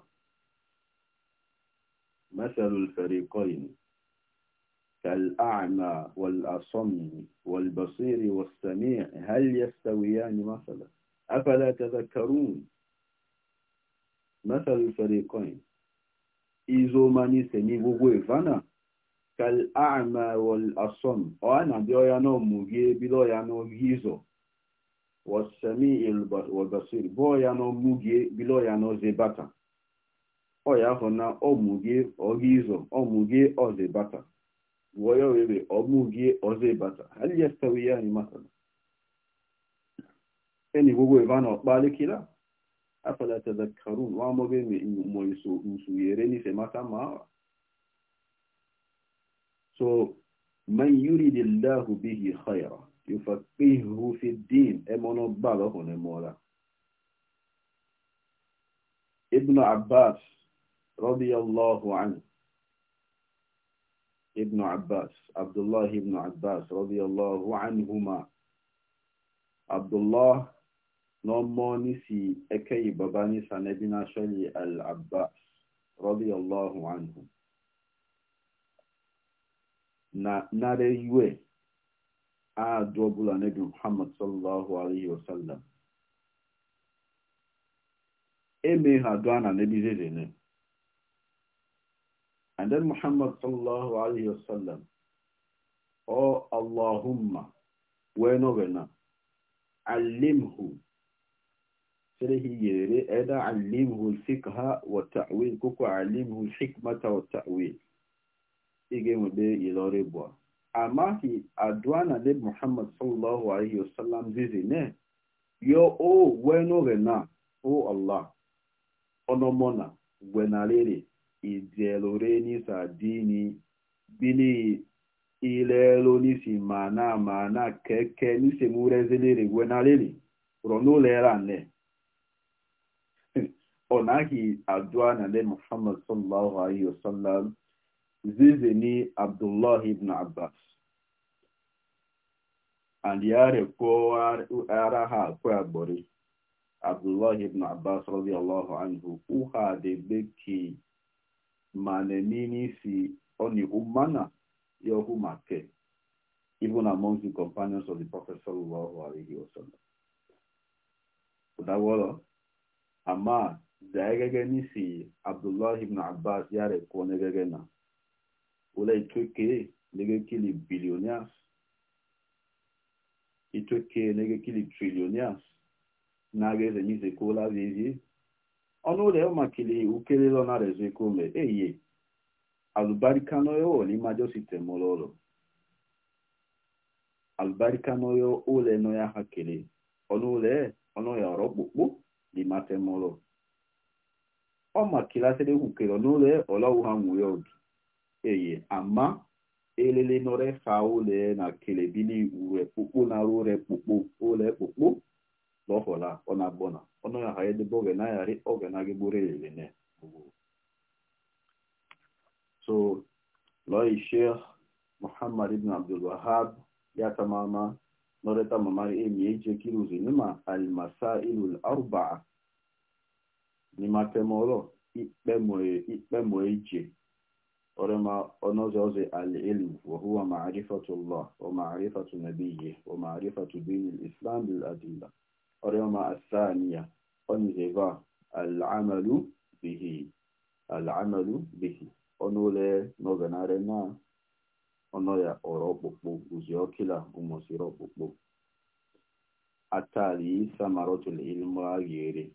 مثل الفريقين كالأعمى والأصم والبصير والسميع هل يستويان مثلا أفلا تذكرون مثل الفريقين إذا من سمي وغوفنا kal'ama wal asom ọ a na-abịa ọya n'ọmụ gị ebido ya n'oge izo wasami ilbasir bụ ọya n'ọmụ gị ebido ya n'oze bata ọya ahụ na ọmụ gị oge izo ọmụ bata wọya were ọmụ gị oze bata hali ya ya ni masala eni gbogbo ebe a na ọkpali kila afala tazakkarun wa mọbe mai mọ iso nsuyere n'ife mata ma so man yuridillahu bihi khayra yufaqihuhu fi din ẹmọ́nà gbà lọ́kùnrin mọ́ra ibn abbas radiyallahu anhu ibn abbas abdullah ibn abbas radiyallahu anhuma abdullah lọ́mọ́ ní sí ẹkẹ́ ìbọ̀bá ní sanẹ́bínà ṣọ́lì al-abbas radiyallahu anhu na nara iwe adụ ọbụla nebi muhammad sallallahu alaihi wasallam eme ha adụ a na nebi zezene and then muhammad sallallahu alaihi wasallam o allahumma wee nọwena allimhu سره يري أدا علمه الفقه والتأويل كوكو علمه الحكمة والتأويل ị ga-enweta ilori bụ amaghị adua na neb muhammad sallallahu alaihi wasallam zizi ne yo o n'oge na o allah onomona gwenariri idielore nisa dini bili ilelo nisi ma na keke nisi mureziliri gwenariri ronulera ne [laughs] ọ naghị adua na neb muhammad sallallahu alaihi wasallam zizeni abdullah ibn abbas and ya rekwo ara ha akwa agbori abdullah ibn abbas radiyallahu anhu uha de beki manenini si oni umana yohu make even among the companions of the prophet sallallahu alaihi wasallam udawolo ama zaegege nisi abdullah ibn abbas ya rekwo negege na ule itweke negekili billionaires itweke negekili trillionaires na-ageze nyizekola vivi ọnụ ụlọ makili ukelelo na rezekome eye alubarikanoyo olimajo sitemololo alubarikanoyo ụlọ nọ ya ha kele ọnụ ụlọ ọnụ ya ọrọkpụkpụ limatemolo ọ makila sere kwukere ọnụ ụlọ ọlọwụ ha nwụrụ ọdụ eye ama elele nọrẹ xa wo le na kelebili wure kpokpo na ro re kpokpo wo le kpokpo lọfọla ọna gbọna ọna ya ha edebe oge na yari oge na gị gboro elele ne so lọyi e sheikh muhammad ibn abdulwahab ya tamama nọrẹ tamama emi e eje kiruzi nima almasailu arba'a nima temọrọ ikpe mo eje ولما ونزوز العلم وهو معرفة الله ومعرفة نبيه ومعرفة دين الإسلام بالأدلة ولما الثانية ونزغى العمل به العمل به ونولى نغنارنا ونويا أوروبو وزيوكلا ومسيروبو Atali Samaratul Ilmu Agiri,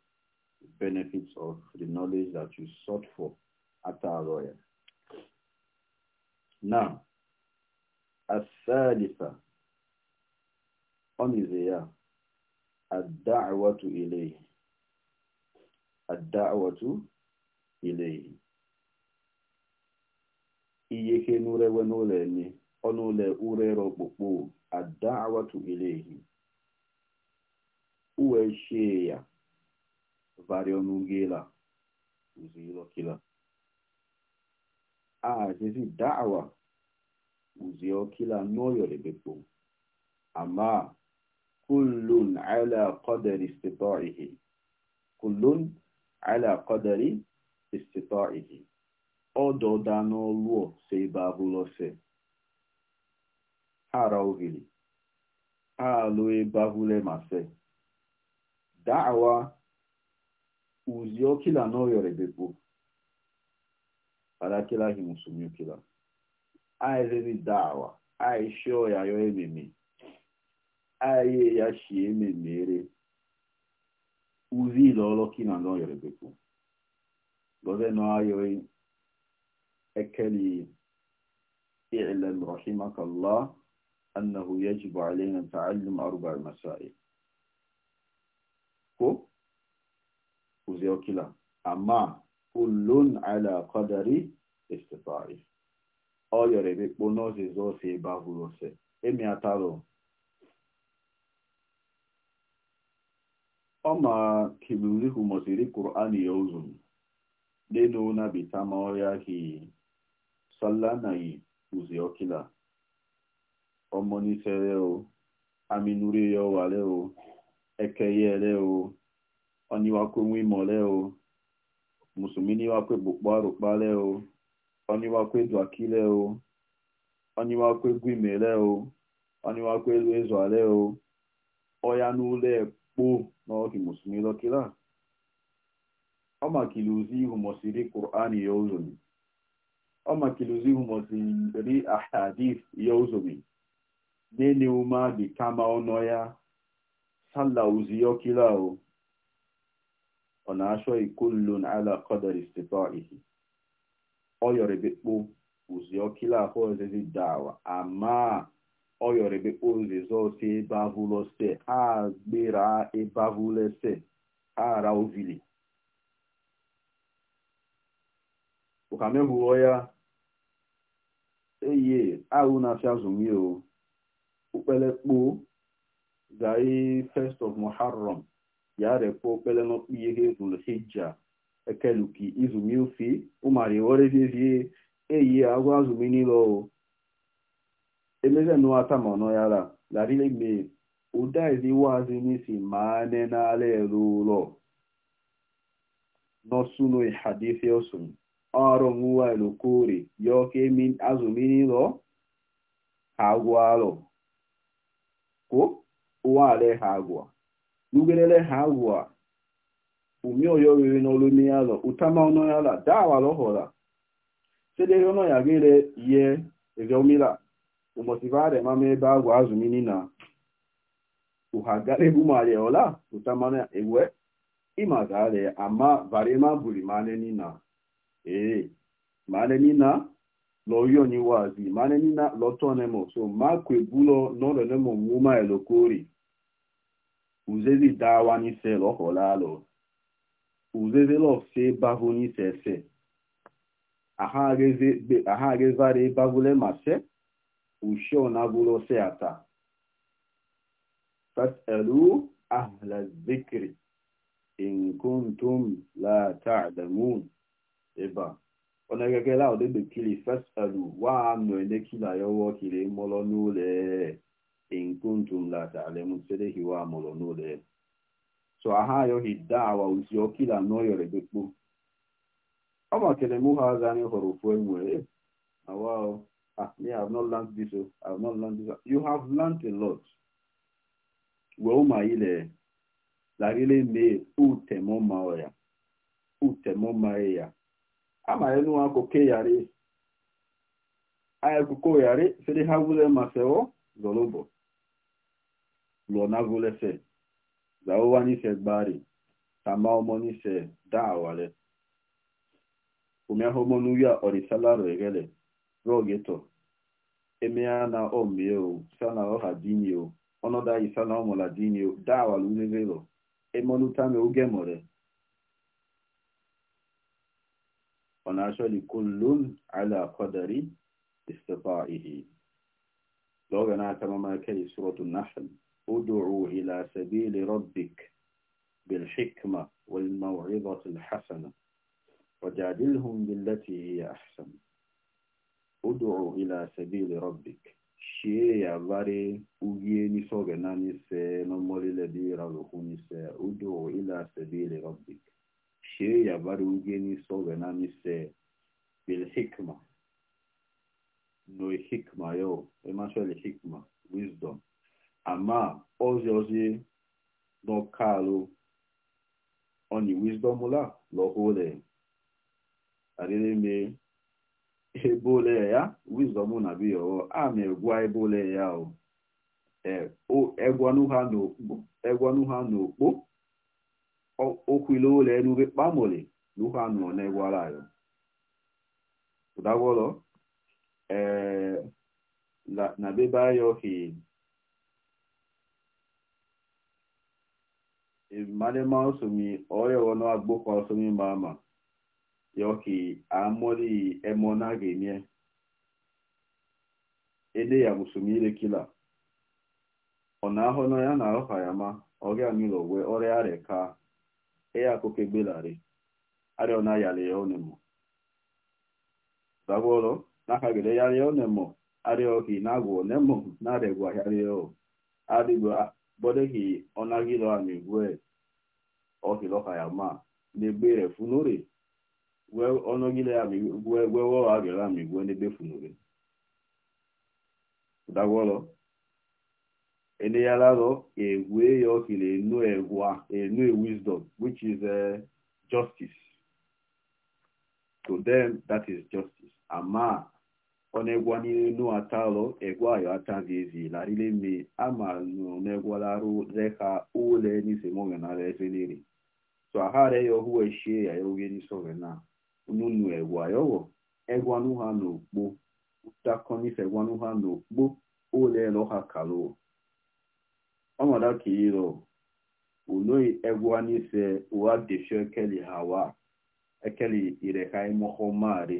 benefits of the knowledge that you sought for, Ataloya. na الثالثة أمزيا الدعوة إليه الدعوة إليه iyeke n'urewe n'ụlọ enye ọnụ ụlọ urere okpukpo adawatu ilehi uwe shie ya ahazizi da'wa uzio kila noyo bepo, ama kulun ala qadari istita'ihi kullun ala qadari istita'ihi ọdọda n'ọlụọ se ebe abụlọse ha ara ohiri ha alụ ebe ma se. da'wa uzio kila noyo bepo. alakilahi musulmi kila aizezi dawa aishe yayo ememe aye ya shi ememere uzi ilolo kina ndo yorebeku goze no ayo ekeli اعلم رحمك الله أنه يجب علينا تعلم أربع مسائل كو وزيو كلا أما kullun ala qadari istifa'i ọ yọrọ ebe kpo n'ọsị zọọsị ebe ahụrụ ose emi atalụ ọma kibirihu mọsiri qur'an ya uzun nínú nàbì támọ ya kì í sọlá nàyí uzi ọkìlà ọmọ nífẹrẹ o aminúrí yọ wàlẹ o ẹkẹyẹ rẹ o ọniwakunwimọlẹ o mùsùlùmí ní wá pé bùpá rùpá lẹ́ o wọ́n ní wá pé dùákí lẹ́ o wọ́n ní wá pé gbìmẹ̀ lẹ́ o wọ́n ní wá pé lu ẹ̀zọ́ alẹ́ o ọ̀yanú lẹ́ kpó náà kì mùsùlùmí lọ́kílà ọmọ kìlúzi ìhùmọ̀sírí kùránì yóò zòmí ọmọ kìlúzi ìhùmọ̀sírí àhàdìf yóò zòmí nínú máa bì ká máa ọ̀nà ya sálà òzì yọ́kílà o ọ̀nà aṣọ ìkólùn alákọ̀dọ̀ ìsìtọ́ ìhì ọyọ̀rẹ̀bẹ̀kpọ̀ òsì ọkílà afọ òsèzì dàwà àmà ọyọ̀rẹ̀bẹ̀kpọ̀ òsèzì ọsẹ ebavulọsẹ àgbèrà ebavulẹsẹ àrà òvìlì. òkàmẹ́hùrọ̀ ya eye àrùn àfiazùmí o òpẹlẹkpọ̀ gàí first of muharram yarekwa okpele n'ọkpụ ihe hija ekeluki izumi ụmari orevivie eyi agwọ azumi niile o emezenu atamanọ yara larile me e n'isi maane n'ala elu ụlọ n'ọsụnụ hadithi ọrụ nwa elokori yọke azumi niile ha ụwa ale ha ugelele ha wua umioyo riri n'olumi ya lọ utama ọnọ ya la dáwà lọ́họ̀la sedere ọnọ ya gere ye ezeomila umosivare mama ebe agwa azumini na uhagara ebumari ọla utama na ewe imagare ama varema buri maneni na ee maneni na lọ́yọ̀ ni wáàzì maneni na lọ́tọ́ nemo so ma kwebulo nọ́rọ̀ nemo nwoma elokori uzezi dawa n'ise lọhọlalụ uzeze lọse bavụ n'ise ese ahagezara bavule mase ushio na bulose ata fas'alu ahla zikri in kuntum la ta'lamun eba ona gẹ́gẹ́ láwọn dégbè kiri fas'alu wàá nọ ẹ̀dẹ́kìlá yọwọ́ kiri mọ́lọ́ n'ụlọ ẹ̀ inkuntum la ta'lamun sede hiwa molo nule so aha yo hidawa usio kila noyo rebekpo ama kele muha zani horofo enwe ah wow ah me have not learned this i have not learned this you have learned a lot we uma ile la ile me utemo maoya utemo ya. ama enu akoke yare ayekuko yare sede hawule maseo zolobo lọ́nàgólẹ́sẹ̀ zàwọ́wá nífẹ̀ẹ́ gbáàrì tàmá ọmọ nífẹ̀ẹ́ dá àwàlẹ̀ omiahọmọ n'uya ọrịsalaro egele rọgeto emea na omie o sana ọha dinye o ọnọdụ anyị sana ọmụla dinye o daa awala ulelelo emonutame oge mọre ọ na-achọ likullun ala qadari istifa'ihi lọga na-aka mamaka suratu nahl ادعوا إلى سبيل ربك بالحكمة والموعظة الحسنة وجادلهم بالتي هي أحسن ادعوا إلى سبيل ربك شيء يباري سوغ ناني سي نمولي لدي رغوني سي ادعوا إلى سبيل ربك شيء يباري سوغ ناني سي بالحكمة نوي حكمة يو إما شوالي حكمة wisdom ama ozi ozi n'ọkalu onye wisdom la lọhụle arịrịme ebole ya wisdom na biyo a na-egwa ebole ya o egwanu ha n'okpo okwile ole enugbe kpamole n'uha nọ n'egwara ya ụdagwọrọ ee na bebe ayọghị malema osomi oyewono agbokwa osomi mama yoki amori emona gemie ede ya osomi ile kila ona ahono ya na ahoha ya ma oge amilo we ore are ka e ya koke gbelare are ona yale ya onemo dagworo naka gele yale onemo are oki na agwo onemo na bolehi ọnagilo anigwe ọkilọkayama n'egbere funore ọnọgile amigwe gwewo agịla amigwe n'ebe funore dagwọlọ eneyalalo egwe ya ọkila enu egwa enu wisdom which is uh, justice to them that is justice ama onegwaninu atalo egwayo atavizi larilemi ama nonegwalaru reka ule nisemogena lezeniri so ahare yo huwe shie ya yogeni sogena nunu egwayowo egwanu ha n'okpo utakonis egwanu ha n'okpo ule loha kaluo ọmọdá kìí rọ unoi egwanise uwa defio ekeli hawa ekeli ireka imoho mari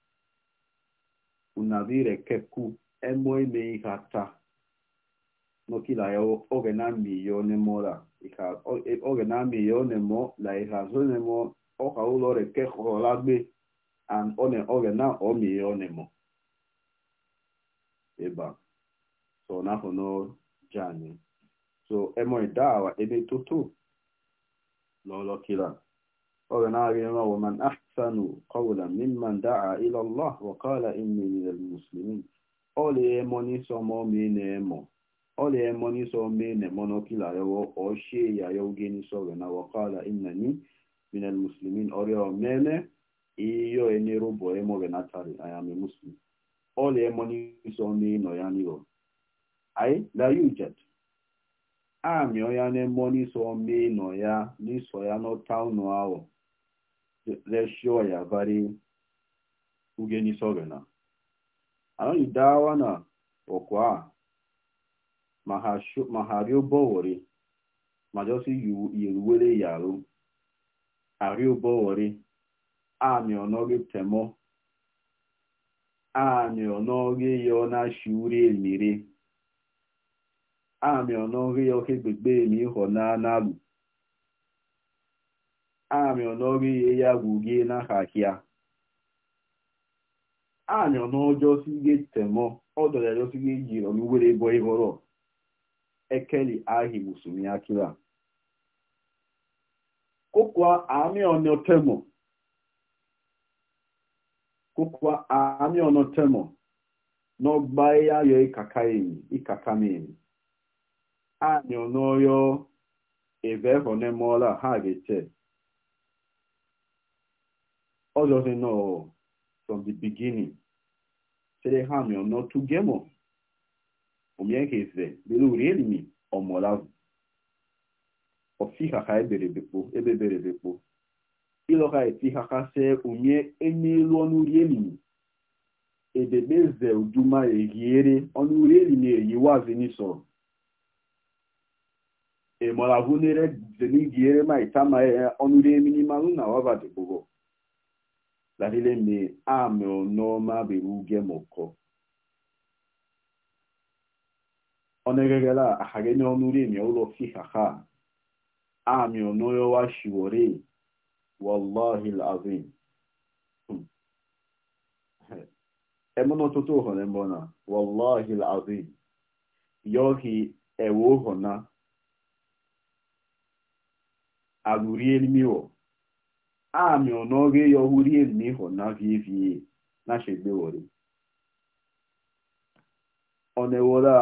unavire keku emo ime ihe ata n'okila ya oge na milione mora e, oge na milione mo la ihe azone mo ọka ụlọ reke kọlagbe and one oge na o milione mo eba so n'afọ no jani so emo idawa ebe tutu lọlọ kila oge na-arị nwa woman ah ahsanu qawlan mimman da'a ila Allah wa qala inni minal muslimin ole moni so mo mi ne mo ole moni so mi ne mono kila yo o she ya yo geni so na wa qala innani minal muslimin ore o mele iyo eni robo e mo na tari i am a muslim ole moni so mi no ya ni ro ai la yujad ami o ya ne moni so mi no ya ni so ya no town no awo zesho ya bari ugeni sogena anani dawa na okwa mahasho mahario bowori majosi yeruwere yaro Ari bowori ami onoge temo ami onoge yo na shuri elmire ami onoge yo kegbegbe mi ho na nalu anyọ n'ọrụ ihe ya gwugie n'aha ahịa anyọ n'ọjọọ sige temọ ọdọrịarịọ sige jiri ọmụwere ego ịhọrọ ekeli ahị gbusumi akịra kụkwa amị ọnọ temọ kụkwa amị ọnọ temọ n'ọgba ya yọ ịkaka enyi ịkaka m enyi anyọ n'ọyọ ebe ịhọ ha ga eche others say no from the beginning sere ha mi ọ̀nà tugemo omiekeze bere uri elimi ọmọlavu ọfihaha eberebekpo ebeberebekpo ilọha etihaha se umie emelu ọnụ uri elimi ebebeze uduma ehiere ọnụ uri ma itama ọnụ uri ma na wabadegbogo larile me ame onoma beruge moko onegegela ahagene onurimi ulo fihaha ame onoyo washiwore wallahi alazim hmm. [laughs] emono toto hone mbona wallahi alazim yohi ewo hona agurielmiwo ame onoge yohurie miho na vivi na ọ na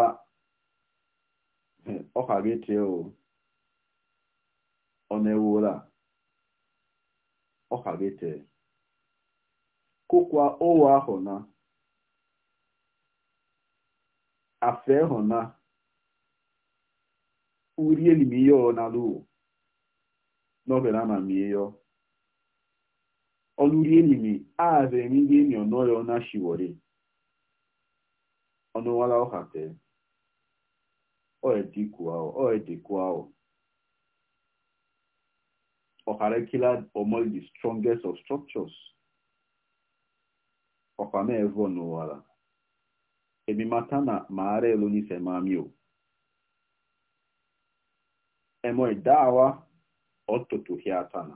ọkagete o onewola ọkagete kụkwa ụwa ahụ na afe ahụ na urielimiyo na luo n'oge na amamiyo ọlụri enyi mi aazere m ndị enyi ọnọrọ na shiwori ọnụwara ọhate oedikwao ọharekila among the strongest of structures ọkwamevo n'ụwara ebimata na maara elu n'ife mamio emo idawa ọtụtụ hiatana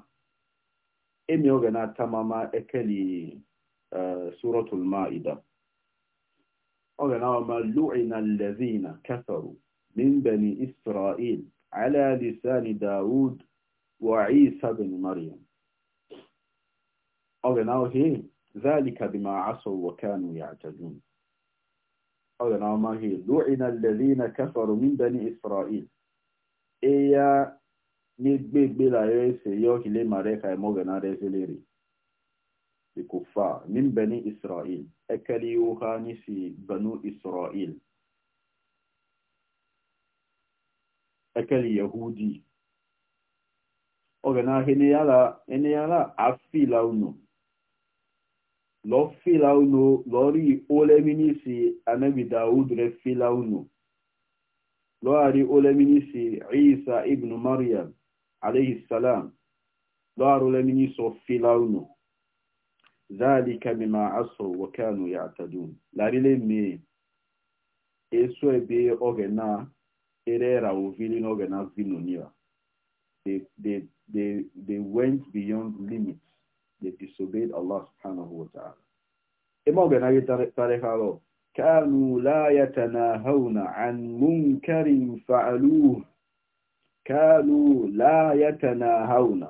إم يوغنا تماما إكلي آه، سورة المائدة أغنى وما لعن الذين كفروا من بني إسرائيل على لسان داود وعيسى بن مريم أغنى وهي ذلك بما عصوا وكانوا يعتدون أغنى وما هي لعن الذين كفروا من بني إسرائيل إيا gbegbe la yese yo kile mare ka mo gana rezeleri kufa min bani israil ekeli yuha ni si banu israil ekeli yahudi ogana hene yala ene yala afila unu lo fila unu lori ole minisi anabi daud re fila unu lo ari ole minisi isa ibn maryam alayhi salam lọ́rọ̀ lẹ́mìí sọ fíláùnù záàlìkà mímọ̀ asọ̀ wọ̀kánù yàtàdùn lárílẹ̀ mìí èso ẹ̀bẹ̀ ọ̀gẹ̀ náà eré ìràwọ̀ vili n'ọ̀gẹ̀ náà vino níra they, they, they, they went beyond limits they disobeyed Allah subhanahu wa ta'ala ẹmọ́ ọ̀gẹ̀ náà yẹ tàrẹ́fà lọ kánù láyàtà náà hàùnà kanu la yatanahawna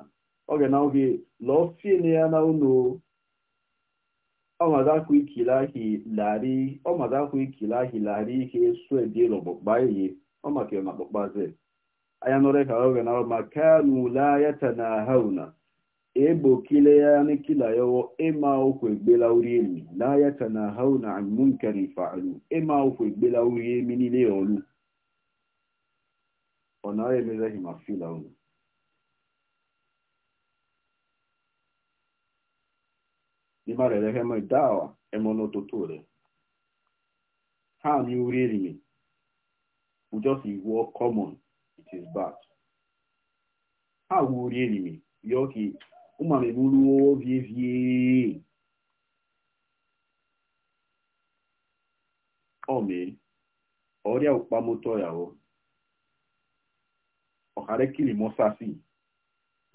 oge na oge lọfin ya na unu ọmadakwa ikilahi lari ọmadakwa ikilahi lari ihe su edielo bọkpa ihe ọmaka na bọkpaze anya nọrọ ka oge na ọma kanu la yatanahawna egbokile ya n'ikila yawo ịma e okwu egbela uri emi la na an ịma ụkwụ egbela uri emi niile ona emeza himafila unu nimarelehemo idawa emonototore ha ni uriri mi we just iwo common it is bad ha wu uriri mi yoki umamemuluwo vievie o mee ọrịa ụkpamoto ụ ọharekili mọsasi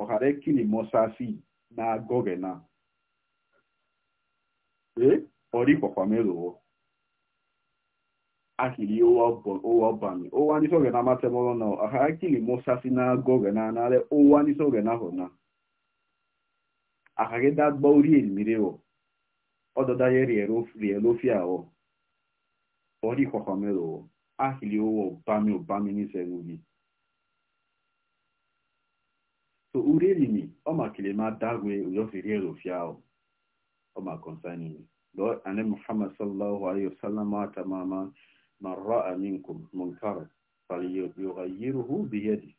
ọharekili mọsasi na-agọghị na ee ọrịkwakwa merụọ ahịrị ụwa bami ụwa ndị sọgị na amasịmọrọ na ọharekili mọsasi na-agọghị na narị ụwa ndị sọgị na ahụ na ahagidagba orí èmìrè ọ ọdọdáyé rìẹlófíà ọ ọrịkwakwa merụọ ahịrị ụwa ọbami ọbami n'ise n'ubi so urelimi oma kilimadagwe ma vyao oma concerning do ane muhammad sallallahu alaihi wasallam atamama man raa minkum munkara falyughayyirhu biyadi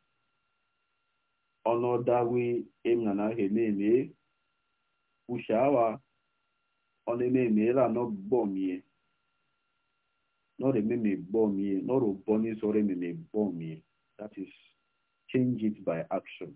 ono dawi emna na hememe ushawa ono ememela no bomie nore ememe bomie noro boni sore meme bomie that is change it by action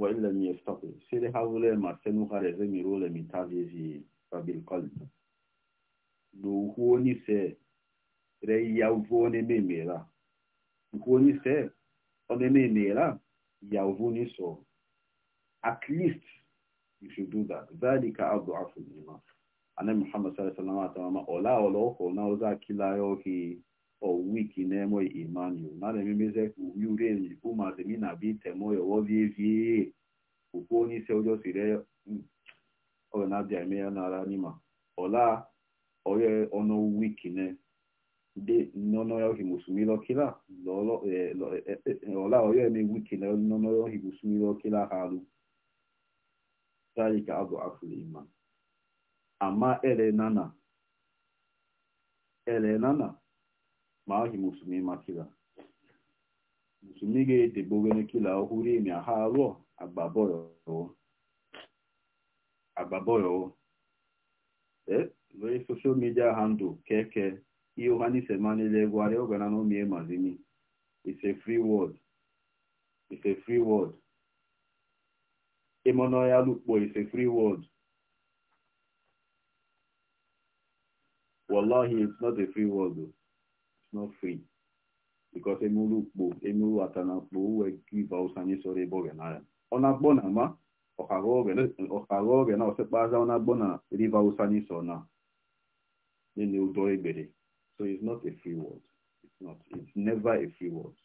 وإن لم يستطع سيدي حاول مرسنو خارزة ميرو لمن تازيزي فبالقلب نوهوني سي ري يوفوني ميميرا نوهوني سي أمي ميميرا يوفوني سو at least you should do that ذلك أضعف الإيمان أنا محمد صلى الله عليه وسلم أولا أولا أولا أولا أولا أولا or weak in emo Emmanuel. na oh, hmm. oh, the mimize you rain uma the mina be temoyo or the uponi onye ojo ọjọọ or na dia me na ya eme ya n'ala weak in de no no yo oye Ama ele nana. ma ahị musulmi makila musulmi ga-ete bogene kila ohuru emi aha alụọ agbaboyowo lórí e, social media handle kẹ́kẹ́ iohanise manile gwari ogana n'omie mazimi it's a free word it's a free word e it's a free word wallahi it's not a free though. not free because emuru kpo emuru atana kpo uwe give us anyị e e sọrọ na oge n'ahịa ọ na-akpọ na ma ọkagha oge na ọsịkpaza ọ na-akpọ na river us anyị sọ na nene ụdọ egbere so it's not a free world. it's not it's never a free world.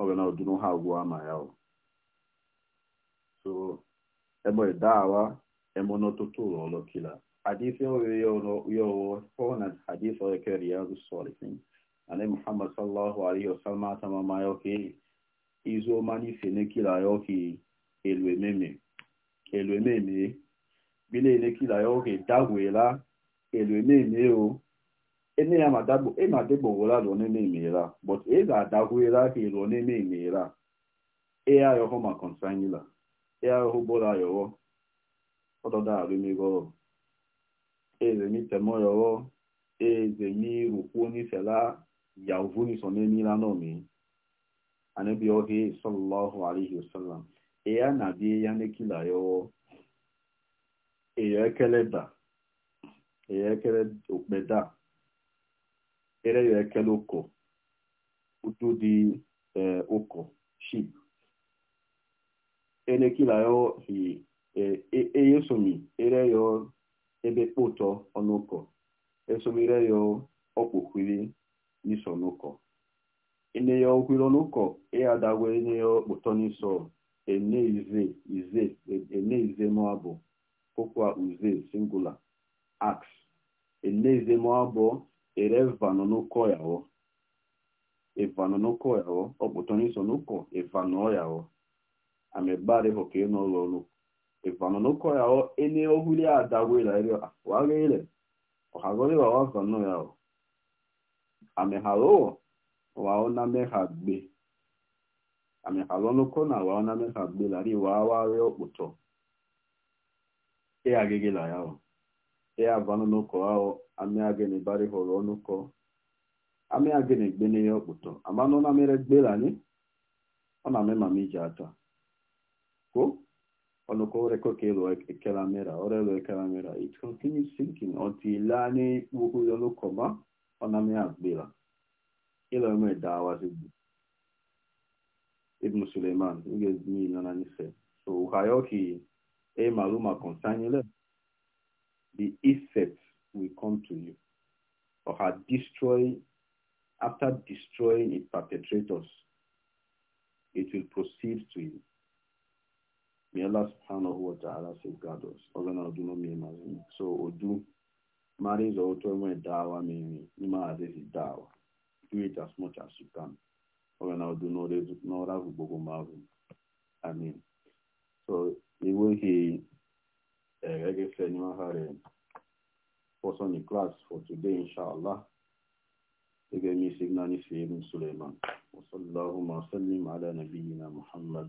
oge na ọdụnụ ha gwụ ama ya o so ebe ịda awa emonotụtụ ụlọ ọlọkila حديث يو فونا حديث رياض الصالحين أنا محمد صلى الله عليه وسلم تماما يوكي إزو ماني سنكي لا يوكي الوميمي الوميمي ya neki la yoke dagwe o ya madagbo e madegbogo la lọ nememe la but e ga-adagwe la ka ịlọ nememe la ya ayọhọ ma kọnsanyị la ezemi temoyoro ezemi rukwu nisela yavu niso n'emila nomi e anabi ohe sallallahu alaihi wasallam eya na bie ya n'ekila yowo eya ekele da eya ekele okpeda ere ya ekele oko utu dị e, oko sheep enekila yo hi eyesomi e, ere yo ebe kpụ ụtọ ọnụkọ esomire ya ọkpụkwiri n'iso n'ụkọ ene ya okwiri ọnụkọ ịadagwe e enye ya ọkpụtọ n'iso ene ize ize ene ize mabụ pụkwa uze singula ax ene ize mabụ ere vanọ n'ụkọ yawo ịvanọ e n'ụkọ yawo ọkpụtọ n'iso n'ụkọ ịvanọ e yawo amebare hokee n'ụlọ ọlụkọ ivanonoko yao eneo hulia adawela elio afuaga ile ohagoliwa wavano yao amehalowo waona mehagbe amehalonoko na waona mehagbe lari waaware okpoto eagegela yao eavanonoko yao ameagene bariholo onuko ameagene gbeneye okpoto amanona ọ na ma iji ata it continues sinking until lani wukuyo koma onami akbila ilo ime dawa zibu ibn suleiman ugezini nana nise so uhayoki e maluma consignile the effect will come to you or had destroy after destroying its perpetrators it will proceed to you May Allah subhanahu wa ta'ala safeguard us. Ọgana ọdún ló mìí máa zini. So odu mara ìzọ otu enwe dáwà mìíràn ní máa zẹ́ sí dáwà. Do it as much as you can. Ọgana ọdún n'ọrụ ahụ gbogbo máa I mean. So enweghị egefe eh, ni wọn hara person in class for today inshallah. Ege mi signal ni Suleiman. Wa sallallahu ma sallim ala nabiyyina Muhammad.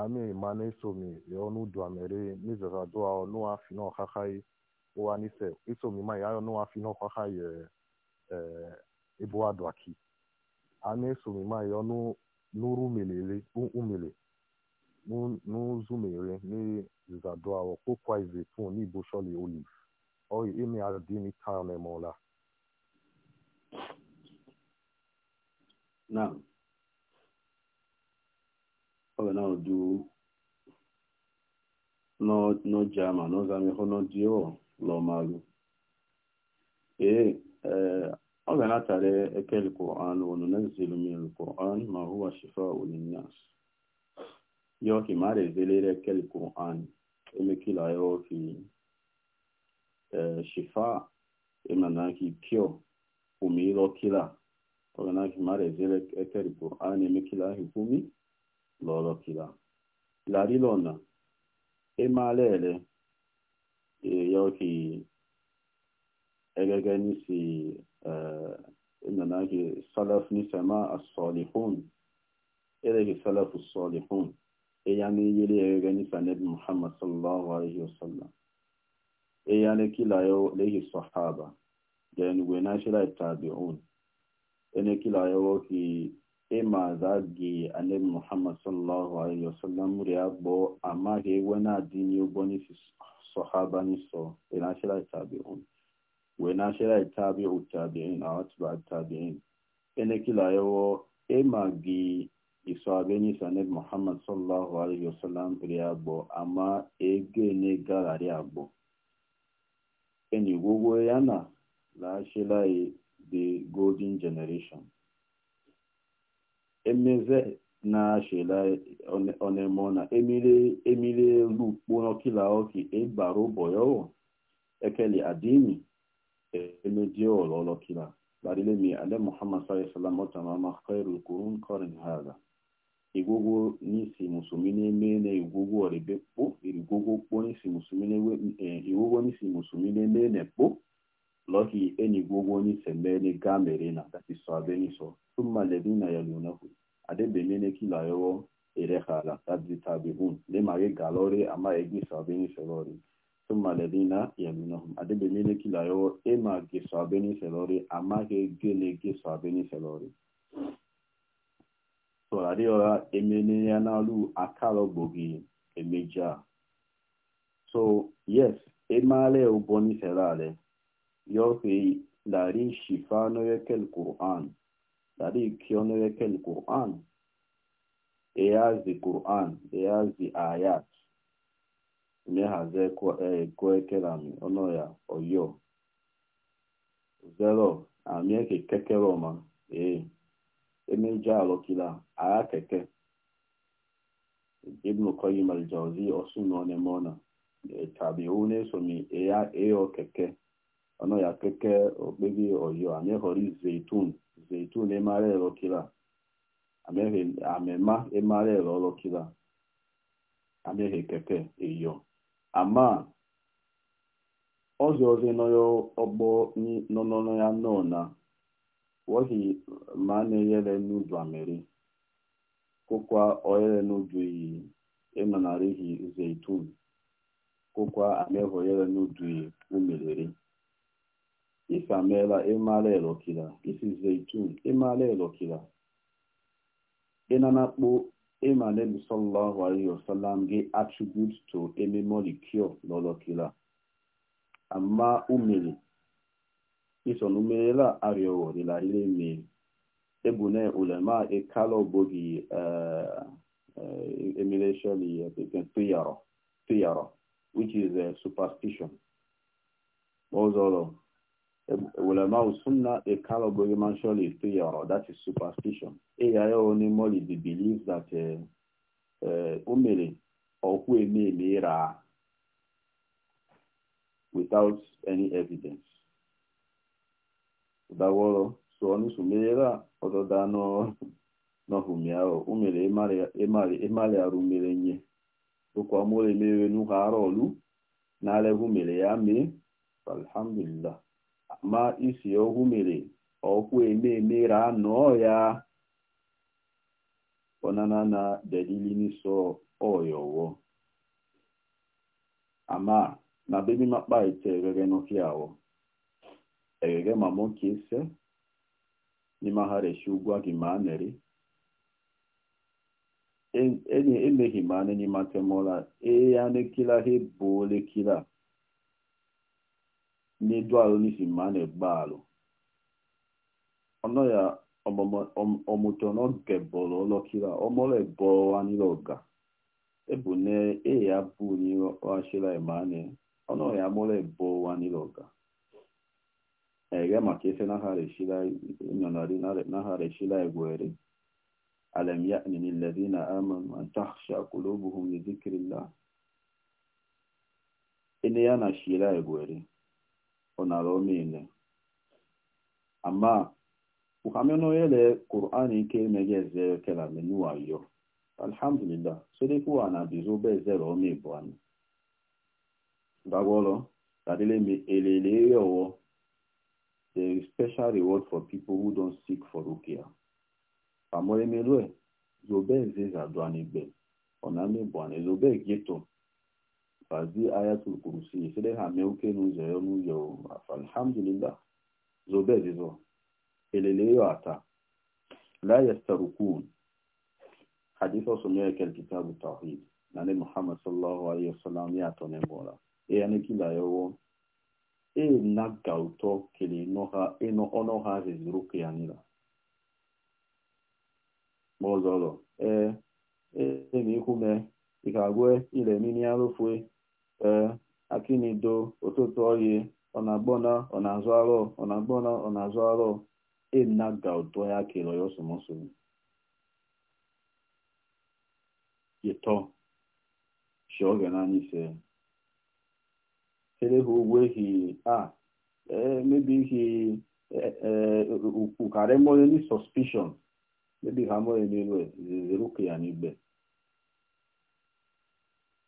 ami imane isomi leonu duamere mizeza dua onua fino hakai oanise isomi ma ya onua e eh, eh, duaki ami isomi ma yonu nuru melele umele n'uzumere ni ziza dua o kokwa ize fun ni ibusholi olive oyi emi adini taonemola Now. ọ̀nà ọ̀dù n'ọjà mà n'ọza mmehu n'ọdị ọ lọmalụ ee ọ ga na-atara ekeli quran wọnụ nezilu mmiri quran ma huwa shifa ulinnas yọ ki ma rezelere ekeli quran emekila ya ofi eh, shifa emanaki pio umilo kila ọ ga na-akị ma rezelere ekeli quran emekila hukumi lọ́ọ́lọ́ kìlá làrí lọ́nà ẹ máa lẹ́ẹ̀lẹ́ èèyàn kì í ẹgẹgẹ ní sí ẹnana kì í sálàfù ní sẹ́mà àsọ̀lìfún ẹlẹ́gì sálàfù sọ̀lìfún èèyàn ní yẹlé ẹgẹgẹ ní sànẹ́bí muhammad sallallahu alayhi wa sallam èèyàn ní kìlá yọ lẹ́yìn sọ̀hábà dẹ̀ẹ́nùgbẹ́ náà ṣe tàbí òun ẹni kìlá yọ wọ́n kì ịma zagi anabi muhammad sallallahu alaihi wasallam ri agbo amaghị ewe na-adị n'ugbo n'isi sọhaba n'iso wenashira tabi'un wenashira tabi'u tabi'in awatba tabi'in enekila yawo ịma gị iso abenisa anabi muhammad sallallahu alaihi wasallam ri agbo ama ege ne galari agbo eni gbogbo ya na lashila the golden generation emeze na na onemona emile lukpo nokila oki ebaro boyowo ekele adimi e, emediolo lokila larilemi ale muhammad sallallahu alaihi wasallam ma khairul qurun qarin hada igwogwo n'isi musulmi na-eme na igwogwo oribekpo igwogwo kpo n'isi musulmi e, na-eme na-ekpo loki eni gogo ni semeni gamerina tati swabeni so thumma ledina yalunahu adebemene kila yowo erehala tabi tabihun lemage galore ama egi swabeni selori thumma ledina yalunahum adebemene kila yowo emage swabeni selori amage gelege swabeni selori so adiola emene yanalu akalo bogi emeja so yes emale uboni selale yohi lari shifa no noyekel Qur'an lari kiono noyekel Qur'an eyazi Qur'an eyazi ayat mehaze kwekelami onoya oyo zero amieke kekeroma ee emeja alokila aya keke ibnu qayyim al-jawzi osunone mona tabiune somi eya eyo keke ono ya keke okpebi oyo amehori zeitun zeitun emara elokila amema emara elolokila amehe keke eyo ama ozi ozi noyo ogbo nonono ya nona wohi ma na-eyere n'udu ameri kokwa oyere n'udu iyi ịnọnarịghị zeitun kokwa amehoriere n'udu iyi umeriri ifamela emalelo kila isi zaitun emalelo kila enanakpo emanelu sallallahu alaihi wasallam gị attribute to ememolikio lolo kila amma umeli ison umelela ariowo lila ile mmeri ebune ulema ekala obogi emileshali eh, eh, tuyaro tuyaro which is a eh, superstition ọzọrọ ulama sunna a calibre mention is three or that is superstition. AI only more is the belief that uh, uh, umele or who mera without any evidence. Dawolo so onu sumera other than uh, no humiao umele emale emale emale arumele nye. Okwa mole mewe nuka arolu na ale humele ya mee. alhamdulillah. ma isi ọhụ mere ọkwụ eme emere anọ ya ọnana na delili n'iso ọyọwọ ama na bebi makpa ite eghere n'oke awọ eghere ma mọ ise n'ime ha reshi ma nere emeghị e, e ma n'ime temola ee ya n'ekila ha e na-edu alụ n'isi ma a na-egbu alụ ọnọ ya ọmụtọ n'oge bọrọ ọlọkịra ọmọrọ ebọrọ anịrị ọga ebu na eyi ọnọ ya mụrụ ebọrọ anịrị ọga ege maka ife nahara eshila egwere ألم يأن للذين آمنوا أن تخشى قلوبهم nara omene ama uhameno ele qur'ani ke mege zero kela alhamdulillah so na bizo be zero omi ibwani dagwolo dadele mi elele yowo there is special reward for people who don't seek for rukia pamore melue zobe nze zadwani be onami bwane zobe gito fazi ayatul kurusi ifede ha mee oke n'ụzọ ya n'ụzọ alhamdulillah zobe zizo elele yo ata la yastarukun hadith osomere kel kitabu tawhid nane muhammad sallallahu alaihi wasallam ya atone bola e ya nekila yowo e na gauto kele noha eno onoha zeziruke yanila mozolo e e mi kume ikagwe ile mini alofue Eh, akinido ụtụtụ oyi ọ na azụ arọ ọ na azụ arọ enaga ụtọ ya kere ya osomoso ịtọ shi oge n'anya ise ele ha ugwe hi a mebi hi ukwu karịa mmụọ ni suspicion mebi ha mmụọ n'elu ka ya n'igbe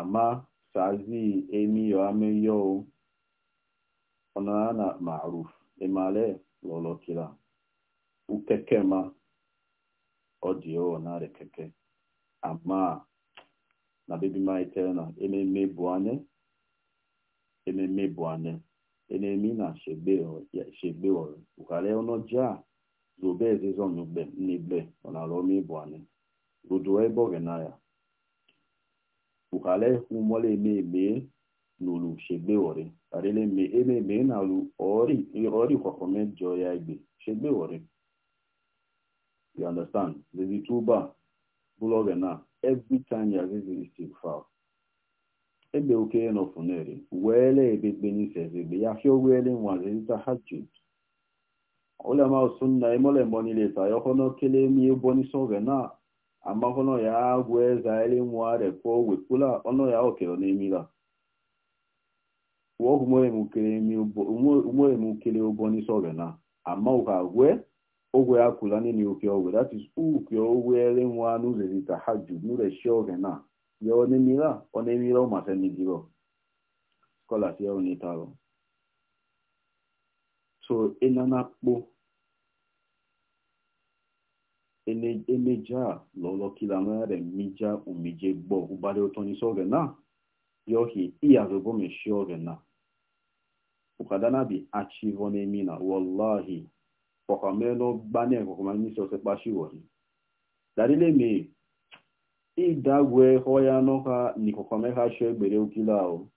ama sazi emiyo ameyo onana maruf emale ma ukekema odio onare keke ama na bebi maitena ememe buane ememe buane enemi na shebe shebeo ya shebeo ukale onoja zobe ezizo nugbe nibe onalomi buane rudu ebo genaya ukale humole meme nulu shegbe ore arele me ememe na lu ori ori kwakome ya igbe shegbe ore you understand the vituba blogger now every time o kee using ebe oke no funere wele ebe beni sezebe ya fi wele nwaze ta hajjud ta kele mi na ambapo no ya gweza ele mware po wekula ono ya okero n'emila wohu mwe mukere mi mwe ụbọ n'isi na ama uka gwe ogwe akula nini oke ọgwụ that is uke ogwe ele mwanu ha tahajjud nure na ya so enana emeja lolokilare mija gbọ gbo ubari otonisi oge na yohi iyazogo meshi oge na ukadana bi achivo n'emi na wallahi kọkọmelo gbani ekọkọma nisi ose kpashiwohi darile me idagwe hoya noka ha sho egbere okila o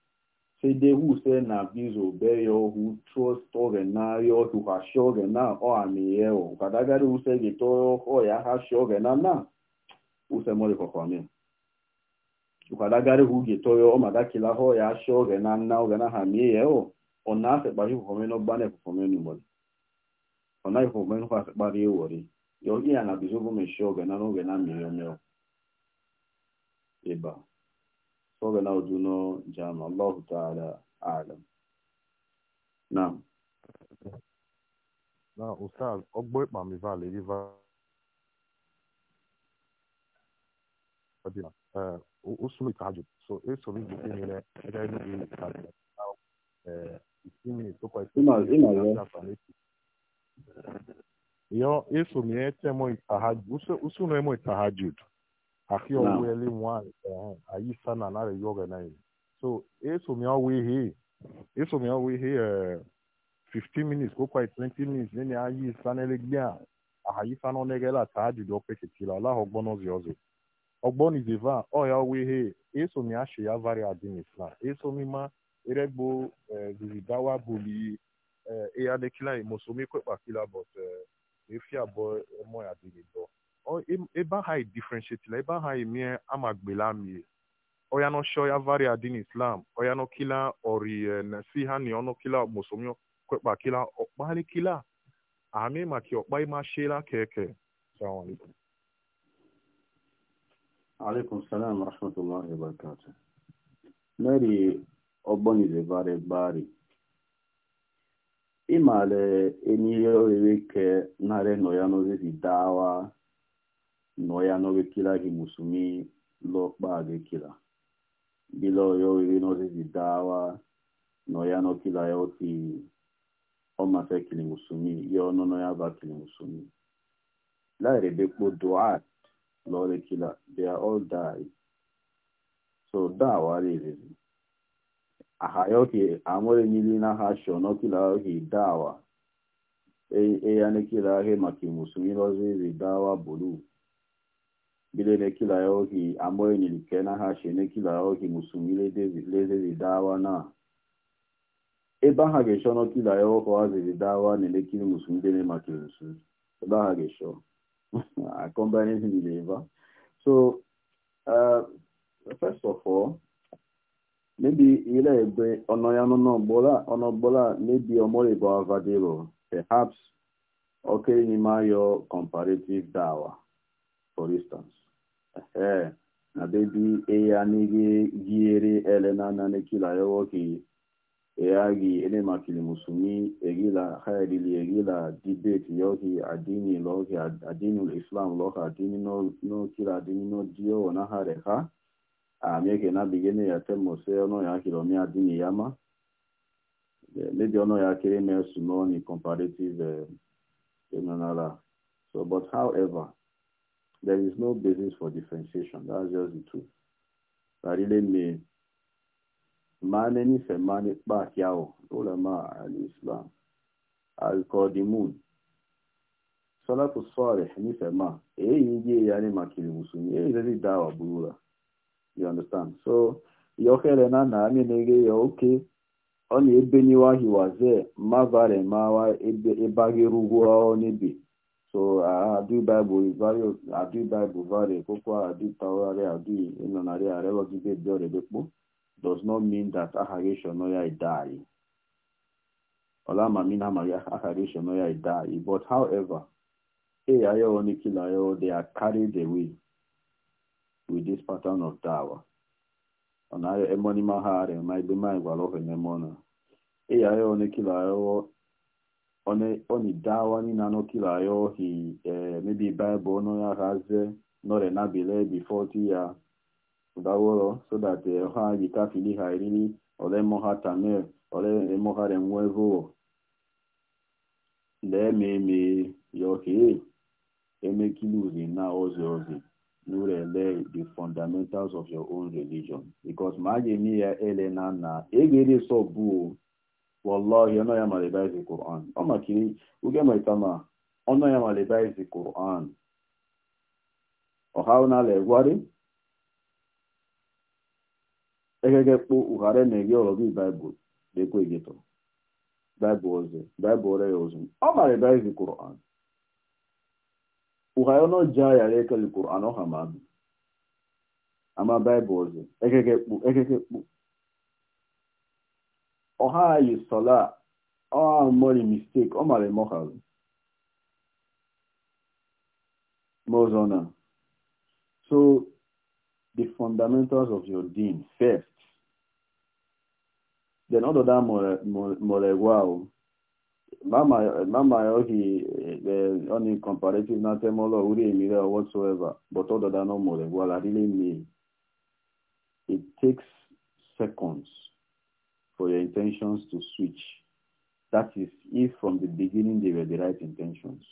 sedehuse na bizo beyo hu trosto gena yo tu hasho gena o amieo kadagari use gito o ya ha hasho gena na na use mori kokwame ukadagari hu gito yo o kila ho ya hasho gena na na o gena na ona se bari kokome no bane kokome ni mori ona ifo men kwa se bari ewori yo iya na bizu go me sho gena no gena mieo meo oh. eba صلى الله جامع الله تعالى أعلم نعم na ustaz ọgbọ ịkpa mivali usoro ikaju so esoro akhi owueli nwanyị eh, ayisa na narị yoga eh, na ya so esomiọwa ihe esomiọwa ihe 15 minutes kokwa 20 minutes nene ayisa elegide a ahayisa na onegela ta ajụjụ okpechitila alaha ọgbọnọ ozi ọzọ ọgbọn izeva ọya ọwa ihe esomi ashi ya vari adin islam esomi ma eregbo eh, zizidawa buli eyadekila imosomi kwekpakila but efi abụọ emoya dịgị dọọ ebe e ahụ anyị differentiatela ebe ahụ anyị mie amagbela mie oya no ya vari adin islam oya no kila ori e, na si ha ni ono kila musomyo kwekpa kila okpali kila ami maki okpa ima shela keke salaam alaikum alaikum salam rahmatullahi wa barakatuh mary ogboni ze bare bari imale eniyo ewe ke nare no ya no ze dawa nọya n'ogekila gị musumi lọkpa gekila bila oyo iri n'ozizi dawa nọya n'okila ya oti ọmafe kili musumi ya ọnụ nọya ba kili musumi laerebekpo duat lọrekila they are all die so dawa riri ahayoke amore nili na ha shọ n'okila ohi dawa eyanekila e he maka musumi lọzizi dawa bulu bilele kila yohi ambayo nilikena hashene kila yohi musumile lezezi dawa na ebaha geshono kila yoho azezi dawa nelekili musumile ne makilusu ebaha gesho [laughs] nezi nileva so uh, first of all maybe ile egbe ono ya no bola ono bola maybe perhaps okay ni mayo comparative dawa for instance ee eh, abebi eya eh, nige giere elenana nekila yowoki eyagi eh, kili musumi egila khairili egila debate yoki adini loki adini ul islam loka adini no no kila adini no dio nahare ha amieke ah, nabigene yatemose ono mi adini yama maybe ono ya kere na suno ni comparative emanala so but however there is no basis for differentiation. That's just the truth. Farile me mane ni fe mane pa kiao ulama al-Islam al-Qadimun Salatu Salih ni fe ma e yije yani makili musuni e da wa burula. You understand? So yokele na na mi nege yo okay ọ wa ebe n'iwa hiwaze ma vare ma wa ebe ịbaghị rugwuo n'ebe so adu bible vari adu bible vari koko adu tawari adu inonari arelogide bioredekpo does not mean that aharishonoya die olamamina aharishonoya die but however eyayo onikilayo they are carried away with this pattern of dawa onayo emonima ha arema ibema igwalofenyemona eyayo onikilayo oni dawa ni nano kila yo he eh, maybe bible ono ya haze no re na bile before ti ya udaworo so that eh, ha yita fili ha irini ole mo ha tame ole emo ha re mwevo le me me yo he na ozi ozi nure le the fundamentals of your own religion because ma je ni ya ele na na so bu wallahi ọnụ ya malibaizi quran ọ makiri uge maita ma ọnụ ya malibaizi quran ọha ụnala egwari egege kpo na-ege ọrọgị baịbụl egetọ baịbụl ọzọ baịbụl ọrịa ya ọ quran ughara ọnụ ja ya ekeli quran ọha ma ama baịbụl ọzọ egege kpo egege kpo ọha yi sọla ọ oh, mori mistake ọ mara emohal mozona so the fundamentals of your deen first then other than more wow mama mama ohi eh, eh, only comparative na temolo uri emire or whatsoever but other than more wow really mean it takes seconds for your intentions to switch. That is, if from the beginning they were the right intentions.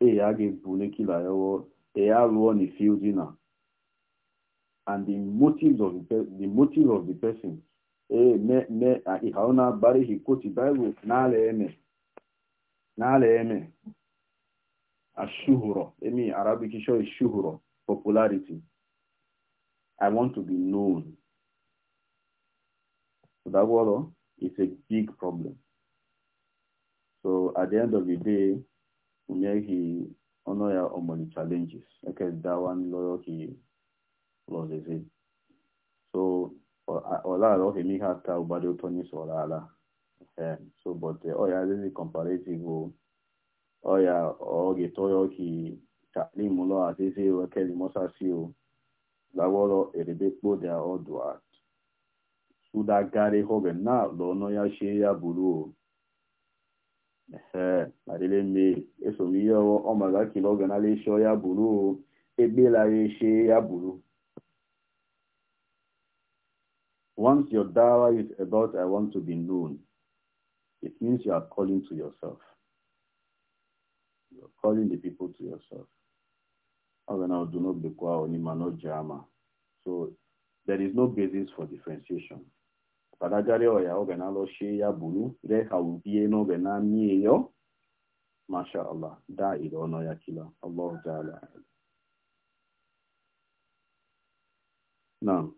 And the motives of the, the motive of the person. Ashuhuro. Emi Arabic show is shuhuro, popularity. I want to be known. So that water is a big problem. So at the end of the day, Unyehi Onoya Omoni challenges. Okay, that one loyalty loses it. So Ola Rohi Mihata Ubadi Otonis Ola So but uh, Oya oh, this is comparative. Oya Oge Toyoki Tali Mulo Azizi Wekeli Mosasio. That water Erebekbo they are all dual. sudagare hogen na lono ya shi ya buru ehe marire me esom ihe ọwọ ọmaga kila ogen ala ishi ya buru ebelara ishi ya buru Once your dawa is about I want to be known, it means you are calling to yourself. You are calling the people to yourself. Otherwise, do not be quiet, So there is no basis for differentiation. padajaria ọya oge na-alụchie ya buru ree ha ubie n'oge na mie yo masha allah daa ire ọnụ ya kila allahu taala naam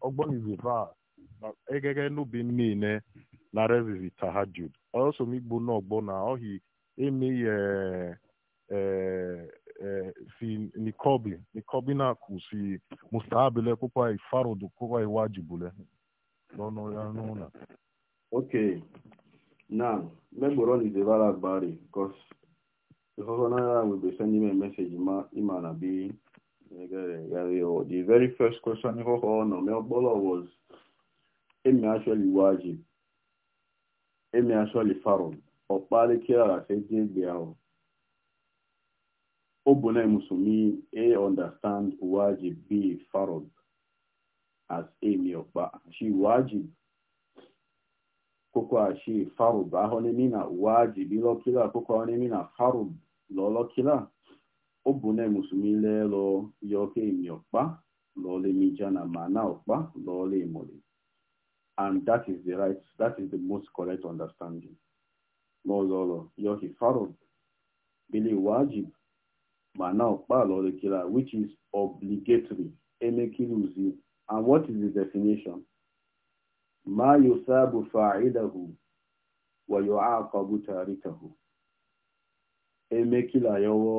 ọgbọniziva eh, egege n'ubi niile na revivi tahajud ọsọ m igbo n'ọgbọ na ohi emi ee eh, eh, si nikobi nikobi na-akụ si mustabile kwụkwa ifarudu kwụkwa iwajibule lọnụ ya n'ụlọ okay now megboro ni debara agbari because because na ya we be send me message ma ima na bi the very first question ho ho no me was emi actually wajib emi actually farud kira Obone Musumi e understand wajib bi farod as emi ọkpa She wajib. Koko she farod. Ahone mina wajib. Ilo kila. Koko ahone mina farod. Lolo kila. Obone Musumi lelo yoke miokba. Lole na mana ọkpa Lole mole. And that is the right, that is the most correct understanding. Lolo, yoke farod. Bili wajib. mana ọkpalọrikira which is obligatory emekiri uzi and what is the definition ma yusabu fa'idahu wa yu'aqabu tarikahu emekila yowo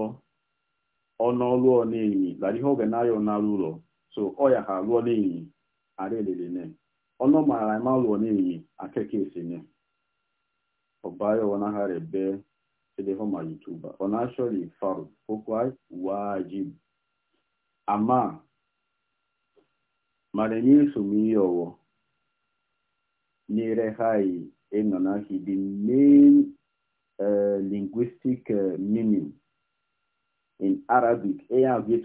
ọnụọlụ ọnenyi lara ihe oge na-ayọ n'alụ ụlọ so ọ ya ha lụọ n'enyi arelele ne ọnụ maara ma lụọ n'enyi akeke esenye ọba ya ọ naghara ebe sede majituba on actually fard pourquoi wajib ama mara nye nsogbu ihe ọwọ nyere ha ịnọnahi the main eh, linguistic eh, meaning in arabic e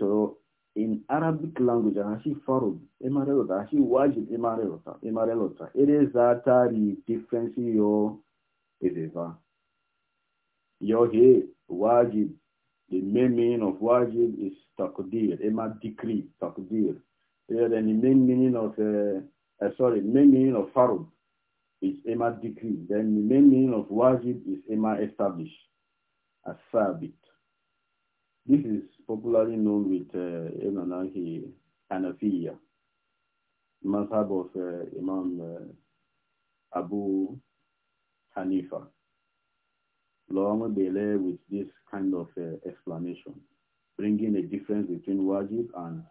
in arabic language hashi farud imarelota e si wajib imarelota e imarelota it is that uh, the difference yo is ever Yohe, wajib. The main meaning of wajib is takdir, ema decree, takdir. Yeah, then the main meaning of, uh, uh, sorry, main meaning of farud is ema decree. Then the main meaning of wajib is ema establish, A sabit. This is popularly known with uh, Imanahi Hanafiya, Masab of uh, Imam uh, Abu Hanifa. Lord Bele with this kind of uh, explanation, bringing a difference between wajib and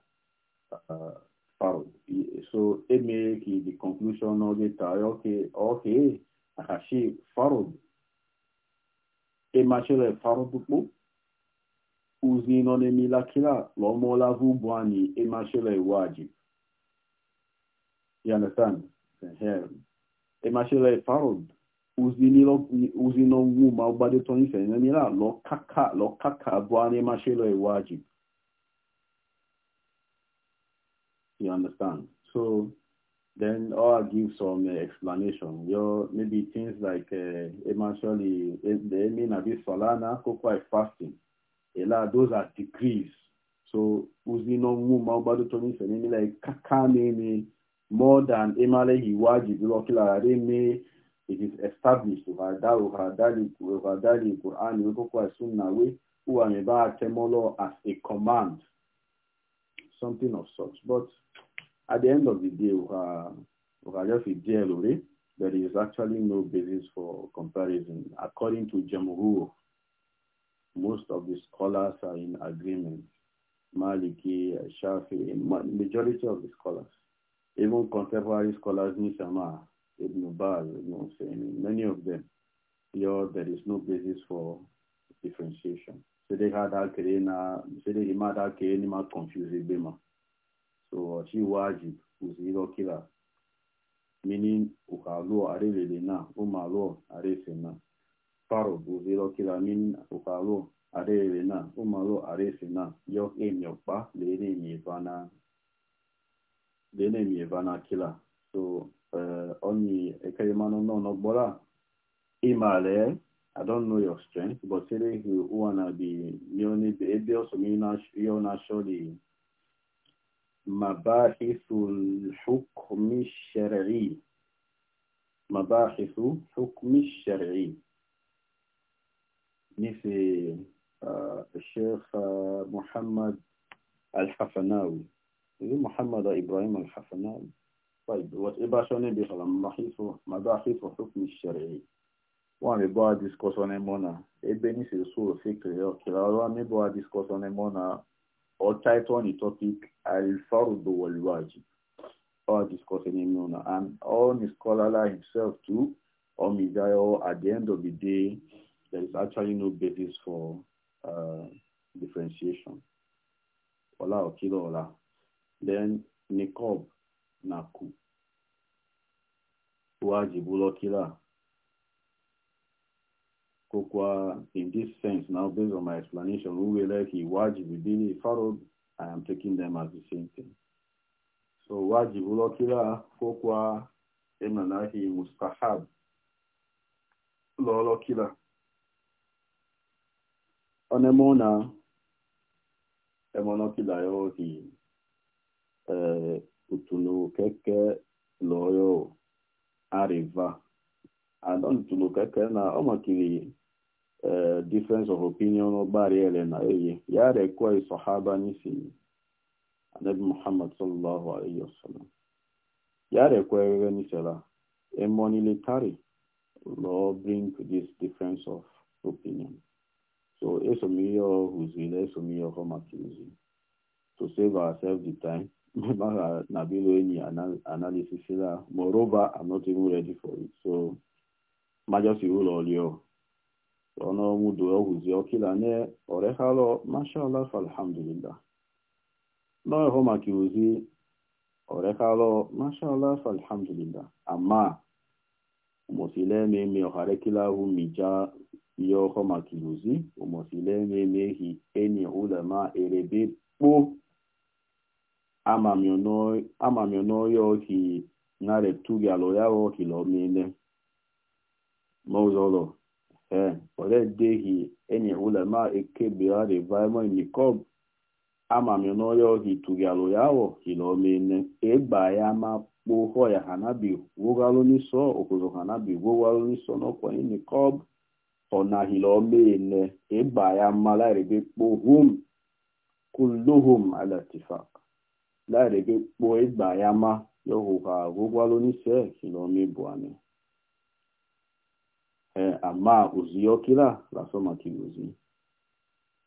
uh, So it make the conclusion of the okay, okay, akashi farud. E machele farad bukbu. Uzi none mila kila, lomo la vubwani, wajib. You understand? Here. E machele uzino wuma ubade to ife la lo kaka lo kaka bwane mashelo iwaji you understand so then or I'll give some uh, explanation your maybe things like uh, eventually eh, the mean of this solana quite fasting ela those are decrees so uzino wuma ubade to ife nira kaka nene more than emale iwaji bilo kila reme it is established Vadali Quran Sunnah way Temolo as a command. Something of such. But at the end of the day, there is actually no basis for comparison. According to Jamhur, most of the scholars are in agreement. Maliki, Shafi, majority of the scholars, even contemporary scholars, Nisama, Ibn Baz, Ibn Hussein, many of them, you there is no basis for differentiation. So they had al-Kirena, so they had al-Kirena confused Bema. So she wajib, uziro kila. Meaning, ukaluo arelele na, are fina paro Faro, uziro kila, meaning, are arelele na, umaluo arefe na. Yok em yokpa, lene mievana, lene mievana kila. So, Eh, only Ekayemano no Nogbola. Imale, I don't know your strength, but today who wanna be Mioni Bebios Miona Sholi Mabahithul Hukmi Shari. Mabahithu Hukmi Shari. Nifi الشيخ محمد الحفناوي محمد إبراهيم الحفناوي طيب وإباشون بخلا محيث مباحث حكم الشرعي وامي بوا ديسكوسون مونا ابني سي سو فكر كلا وامي بوا ديسكوسون مونا او تايتون توبيك الفرض والواجب or discussing Muna and all the scholar himself too, or Mizayo, at the end of the day, there is actually no basis for uh, differentiation. Ola okilo ola. Then Nicole. na ku wajibulokila kokwa in this sense now based on my explanation uweleki wajibibili farod i am taking them as the same thing so wajibulokila kokwa emanaki mustahab lolokila onemona emonokila yohi eh, utunukeke loyo ariva and utunukeke hmm. na omakili uh, eh, difference of opinion ọgbari ele na eye ya rekwa isahaba nisi anabi muhammad sallallahu alaihi wasallam ya rekwa ewe nisela emonilitari law bring this difference of opinion so esomiyo huzile esomiyo homakizi to save ourselves the time [laughs] Nabilo any analysis here. Moreover, I'm not even ready for it. So, majesty rule all you. So, no mudu ohuzi okilane orehalo, mashallah, alhamdulillah. No homa kiuzi orehalo, mashallah, alhamdulillah. Ama, umosile meme oharekila humija yo homa kiuzi, umosile meme hi eni ulema erebe po amamio n'ọhịa ohi naretughi alụya ohilomele n'ụzọlọ he oredehi enye ulema ekebegharị vimon nikob amamio n'ọhịa ohi tughi alụya ohilomele egba ya ma kpohọ ya hanabi gwoghalụ n'iso okwụzọ hanabi gwoghalụ n'iso n'ọkwanye nikob ọnahilomele egba ya ma larebe kpohum kulluhum ala tifak láìrèké po ìgbà ya má yọ̀hùhà àgógó lóníṣẹ́ ìkìlọ̀ mi bù àmì ẹ̀ àmà òzì ọkílà lásọ̀màkìlì òzì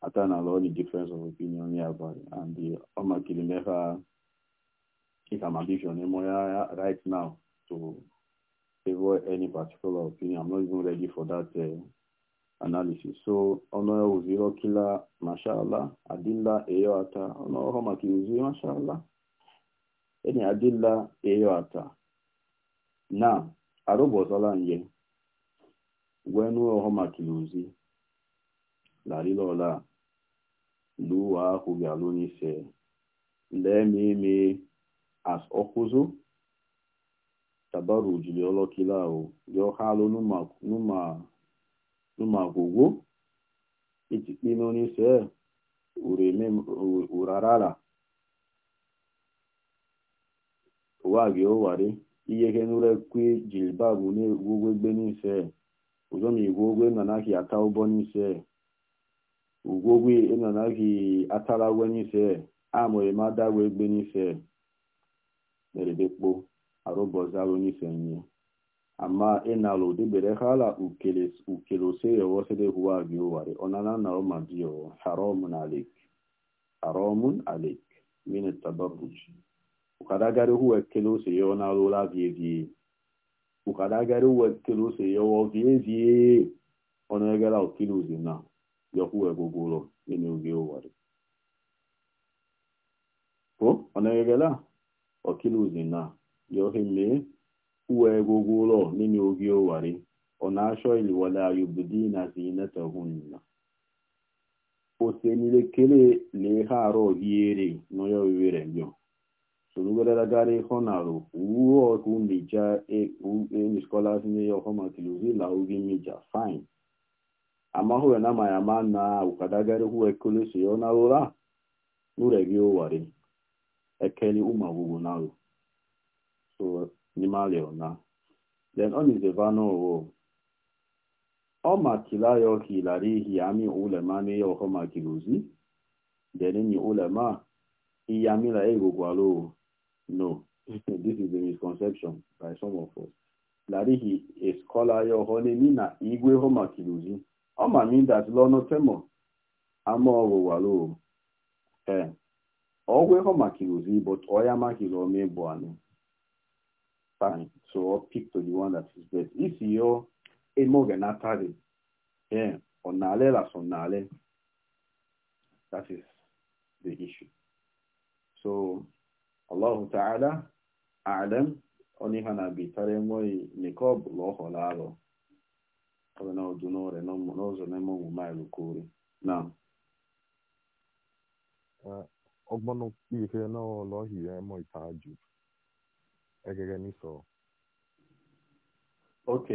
àtànà lọ́ọ́ ní difference of opinion ní àbáyé and the ọmọkìlì mẹ́fà ìkàmàbíṣọ̀ ní mọ́yá right now to favor any particular opinion i'm not even ready for that uh, analysis so ọ̀nà òzì ọkílà mashallah adínlá èyọ́ ata ọ̀nà ọ̀họ́màkìlì òzì mashallah. enyi adịla eyo ata na arụbọzala nye wee nụọ ọhụ maka ozi larilola luwa ahụ ga-alụ n'ise lee ma ime as ọkụzụ tabaru jiri ọlọkila ahụ yọ ha alụ n'ụmụagwụgwụ itikpi n'onye ise urarara ụwaghị ụwarị ihe ihe n'ụrekwe jilbabụ na-egwu ogwegbe n'ise ụzọ ma igwu ogwe nanaghị ata ụbọ n'ise ugwogwe nanaghị ataragwe n'ise amụrị madagwe egbe n'ise meredekpo arụbọzalụ n'ise nye ama ịnalụ e dịgbere hala ukele ose yọwọ e sede huwagị ụwarị ọnana na ọmadi yọwọ haramun alik haramun alik min tabarruj ukadagari huwekele oseyo na lola vievie ukadagari huwekele oseyo wo vievie onegela okili uzina yohuwegogulo ene oge owari o e e onegela okili uzina yoheme uwegogulo nene oge owari onasho iliwala yubdina zinatahunna osenilekele leha aro viere noyo e sorugberegara ihe ọ na-arụ uwe ọkụ meja enyiskolas e, nne ya ọhụma tiluzi la oge meja fine amaghụwe na amaghị ama na hu huwe kolosi ọ na rụra nuregi owari ekeli ụmụ agbụgbọ na rụ so n'imali ọna then ọ nizeva n'ụwa ọ makila ya ọka ilara ihi ami ulema n'ihe ọhụma kiluzi then enyi ulema iyamila egwugwala owo No, this is a misconception by some of us. Larihi, a scholar, your honey mina, igwe homa kiluzi. Oma mean that lono temo. Ama owo walo. Eh. Ogwe homa kiluzi, but oyama kilome boano. Fine. So I'll pick to the one that is best. If you're a moganatari, eh, onale las onale. That is the issue. So allahu ta'ala alam onye ha na-abịtara enweghị nikob lọhọrọ Ọ ọbụ na ọdụ n'ọrịa n'ụzọ n'eme omume anyị kwuru na ọgbọnụ ike n'ọlọ ọhịa emo itaju egege n'iso ok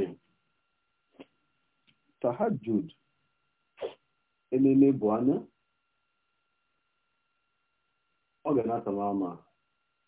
tahajud elele bụ anya ọ ga na-atala ama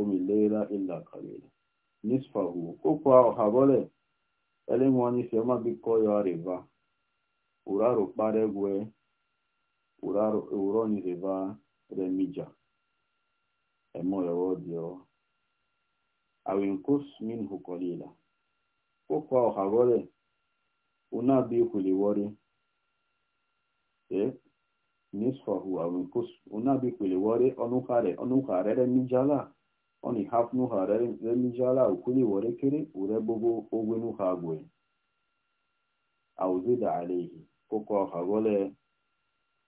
omileela ịla karịrị nisfahu okwu ahụ habole elenwani fioma biko ya riva uraro kparegwe uroni riva remija emoyowodio awinkus minhu kolila okwu ahụ habole unabikwuliwori e nisfahu awinkus unabikwuliwori oni hapnu ha remijala ukuli wore kiri ure urebogo ogwenu ha gwe auzida alayhi koko hagole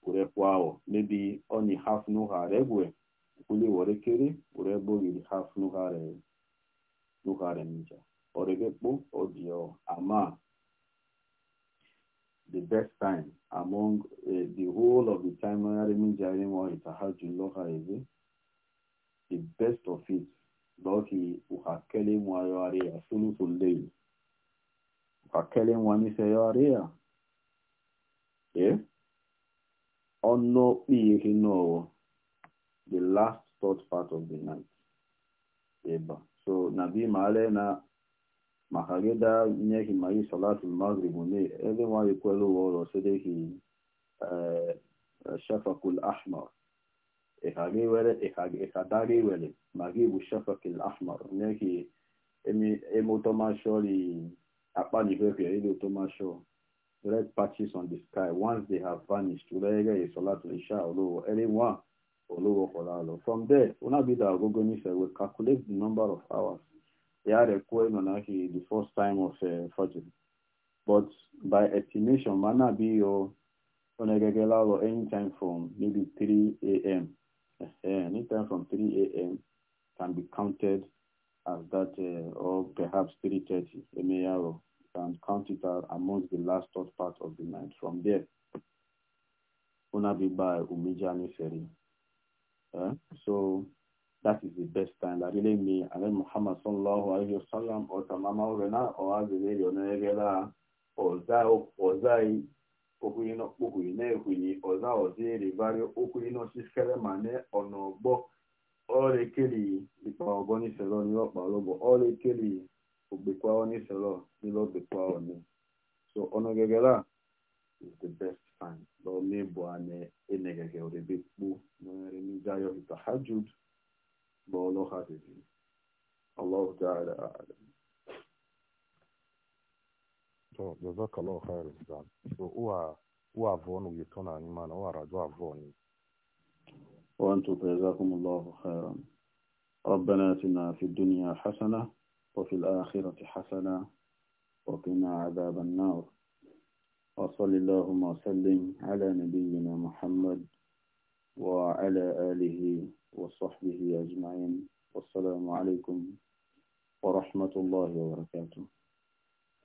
urekwao maybe oni hapnu ha regwe ukuli wore kiri worekere urebogi hapnu ha re nu ha remija oregepo odio ama the best time among uh, the whole of the time remija ni wa itahaju loha hivi the best of it doki ukakele mwayoarea thuluthu lleil ukakele mwaniseyoarea e onokpiyehinowo the last third part of the night eba so nabi maale na makageda nyehi mayi salatu lmagribu ne ebe nwayekwele uwe uh, ọrọ sedehi shafakul ahmar ikadari were ma gị bụ shafakil ahmar n'ehi eme otomashol akpalivevia ele otomashol red patches on the sky once they have vanished urege to isha olowo elewa olowo kolalo from there unabida agogo nife will calculate the number of hours ya rekwe nọ n'ahi the first time of uh, fajr but by estimation mana bi your onegegela anytime from maybe 3 a.m. Uh, anytime from 3 a.m. can be counted as that, uh, or perhaps 3.30 MARO. can count it out amongst the last third part of the night. From there, Unabiba Umijani Ferry. Uh, so that is the best time. That really me and then Muhammad sallallahu alayhi wa sallam or Tamama or or Azizir or Negela or Zai or Zai okwuino kpokwi na-ekwunyi ọza ọziribari okwuino chisikere ma na ọnọgbọ ọrekeli ikpa ọgbọ ọrịa nilọkpalụgbọ ọrekeli ogbekwa oniselo nilọgbekwa oni so ọrịa is the best time lọ anya enegege orebe kpu جزاك الله خير جزاك هو هو عفون ويتونا نيمان هو رجو عفوني وأنتم جزاكم الله خيرا ربنا آتنا في الدنيا حسنة وفي الآخرة حسنة وقنا عذاب النار وصل اللهم وسلم على نبينا محمد وعلى آله وصحبه أجمعين والسلام عليكم ورحمة الله وبركاته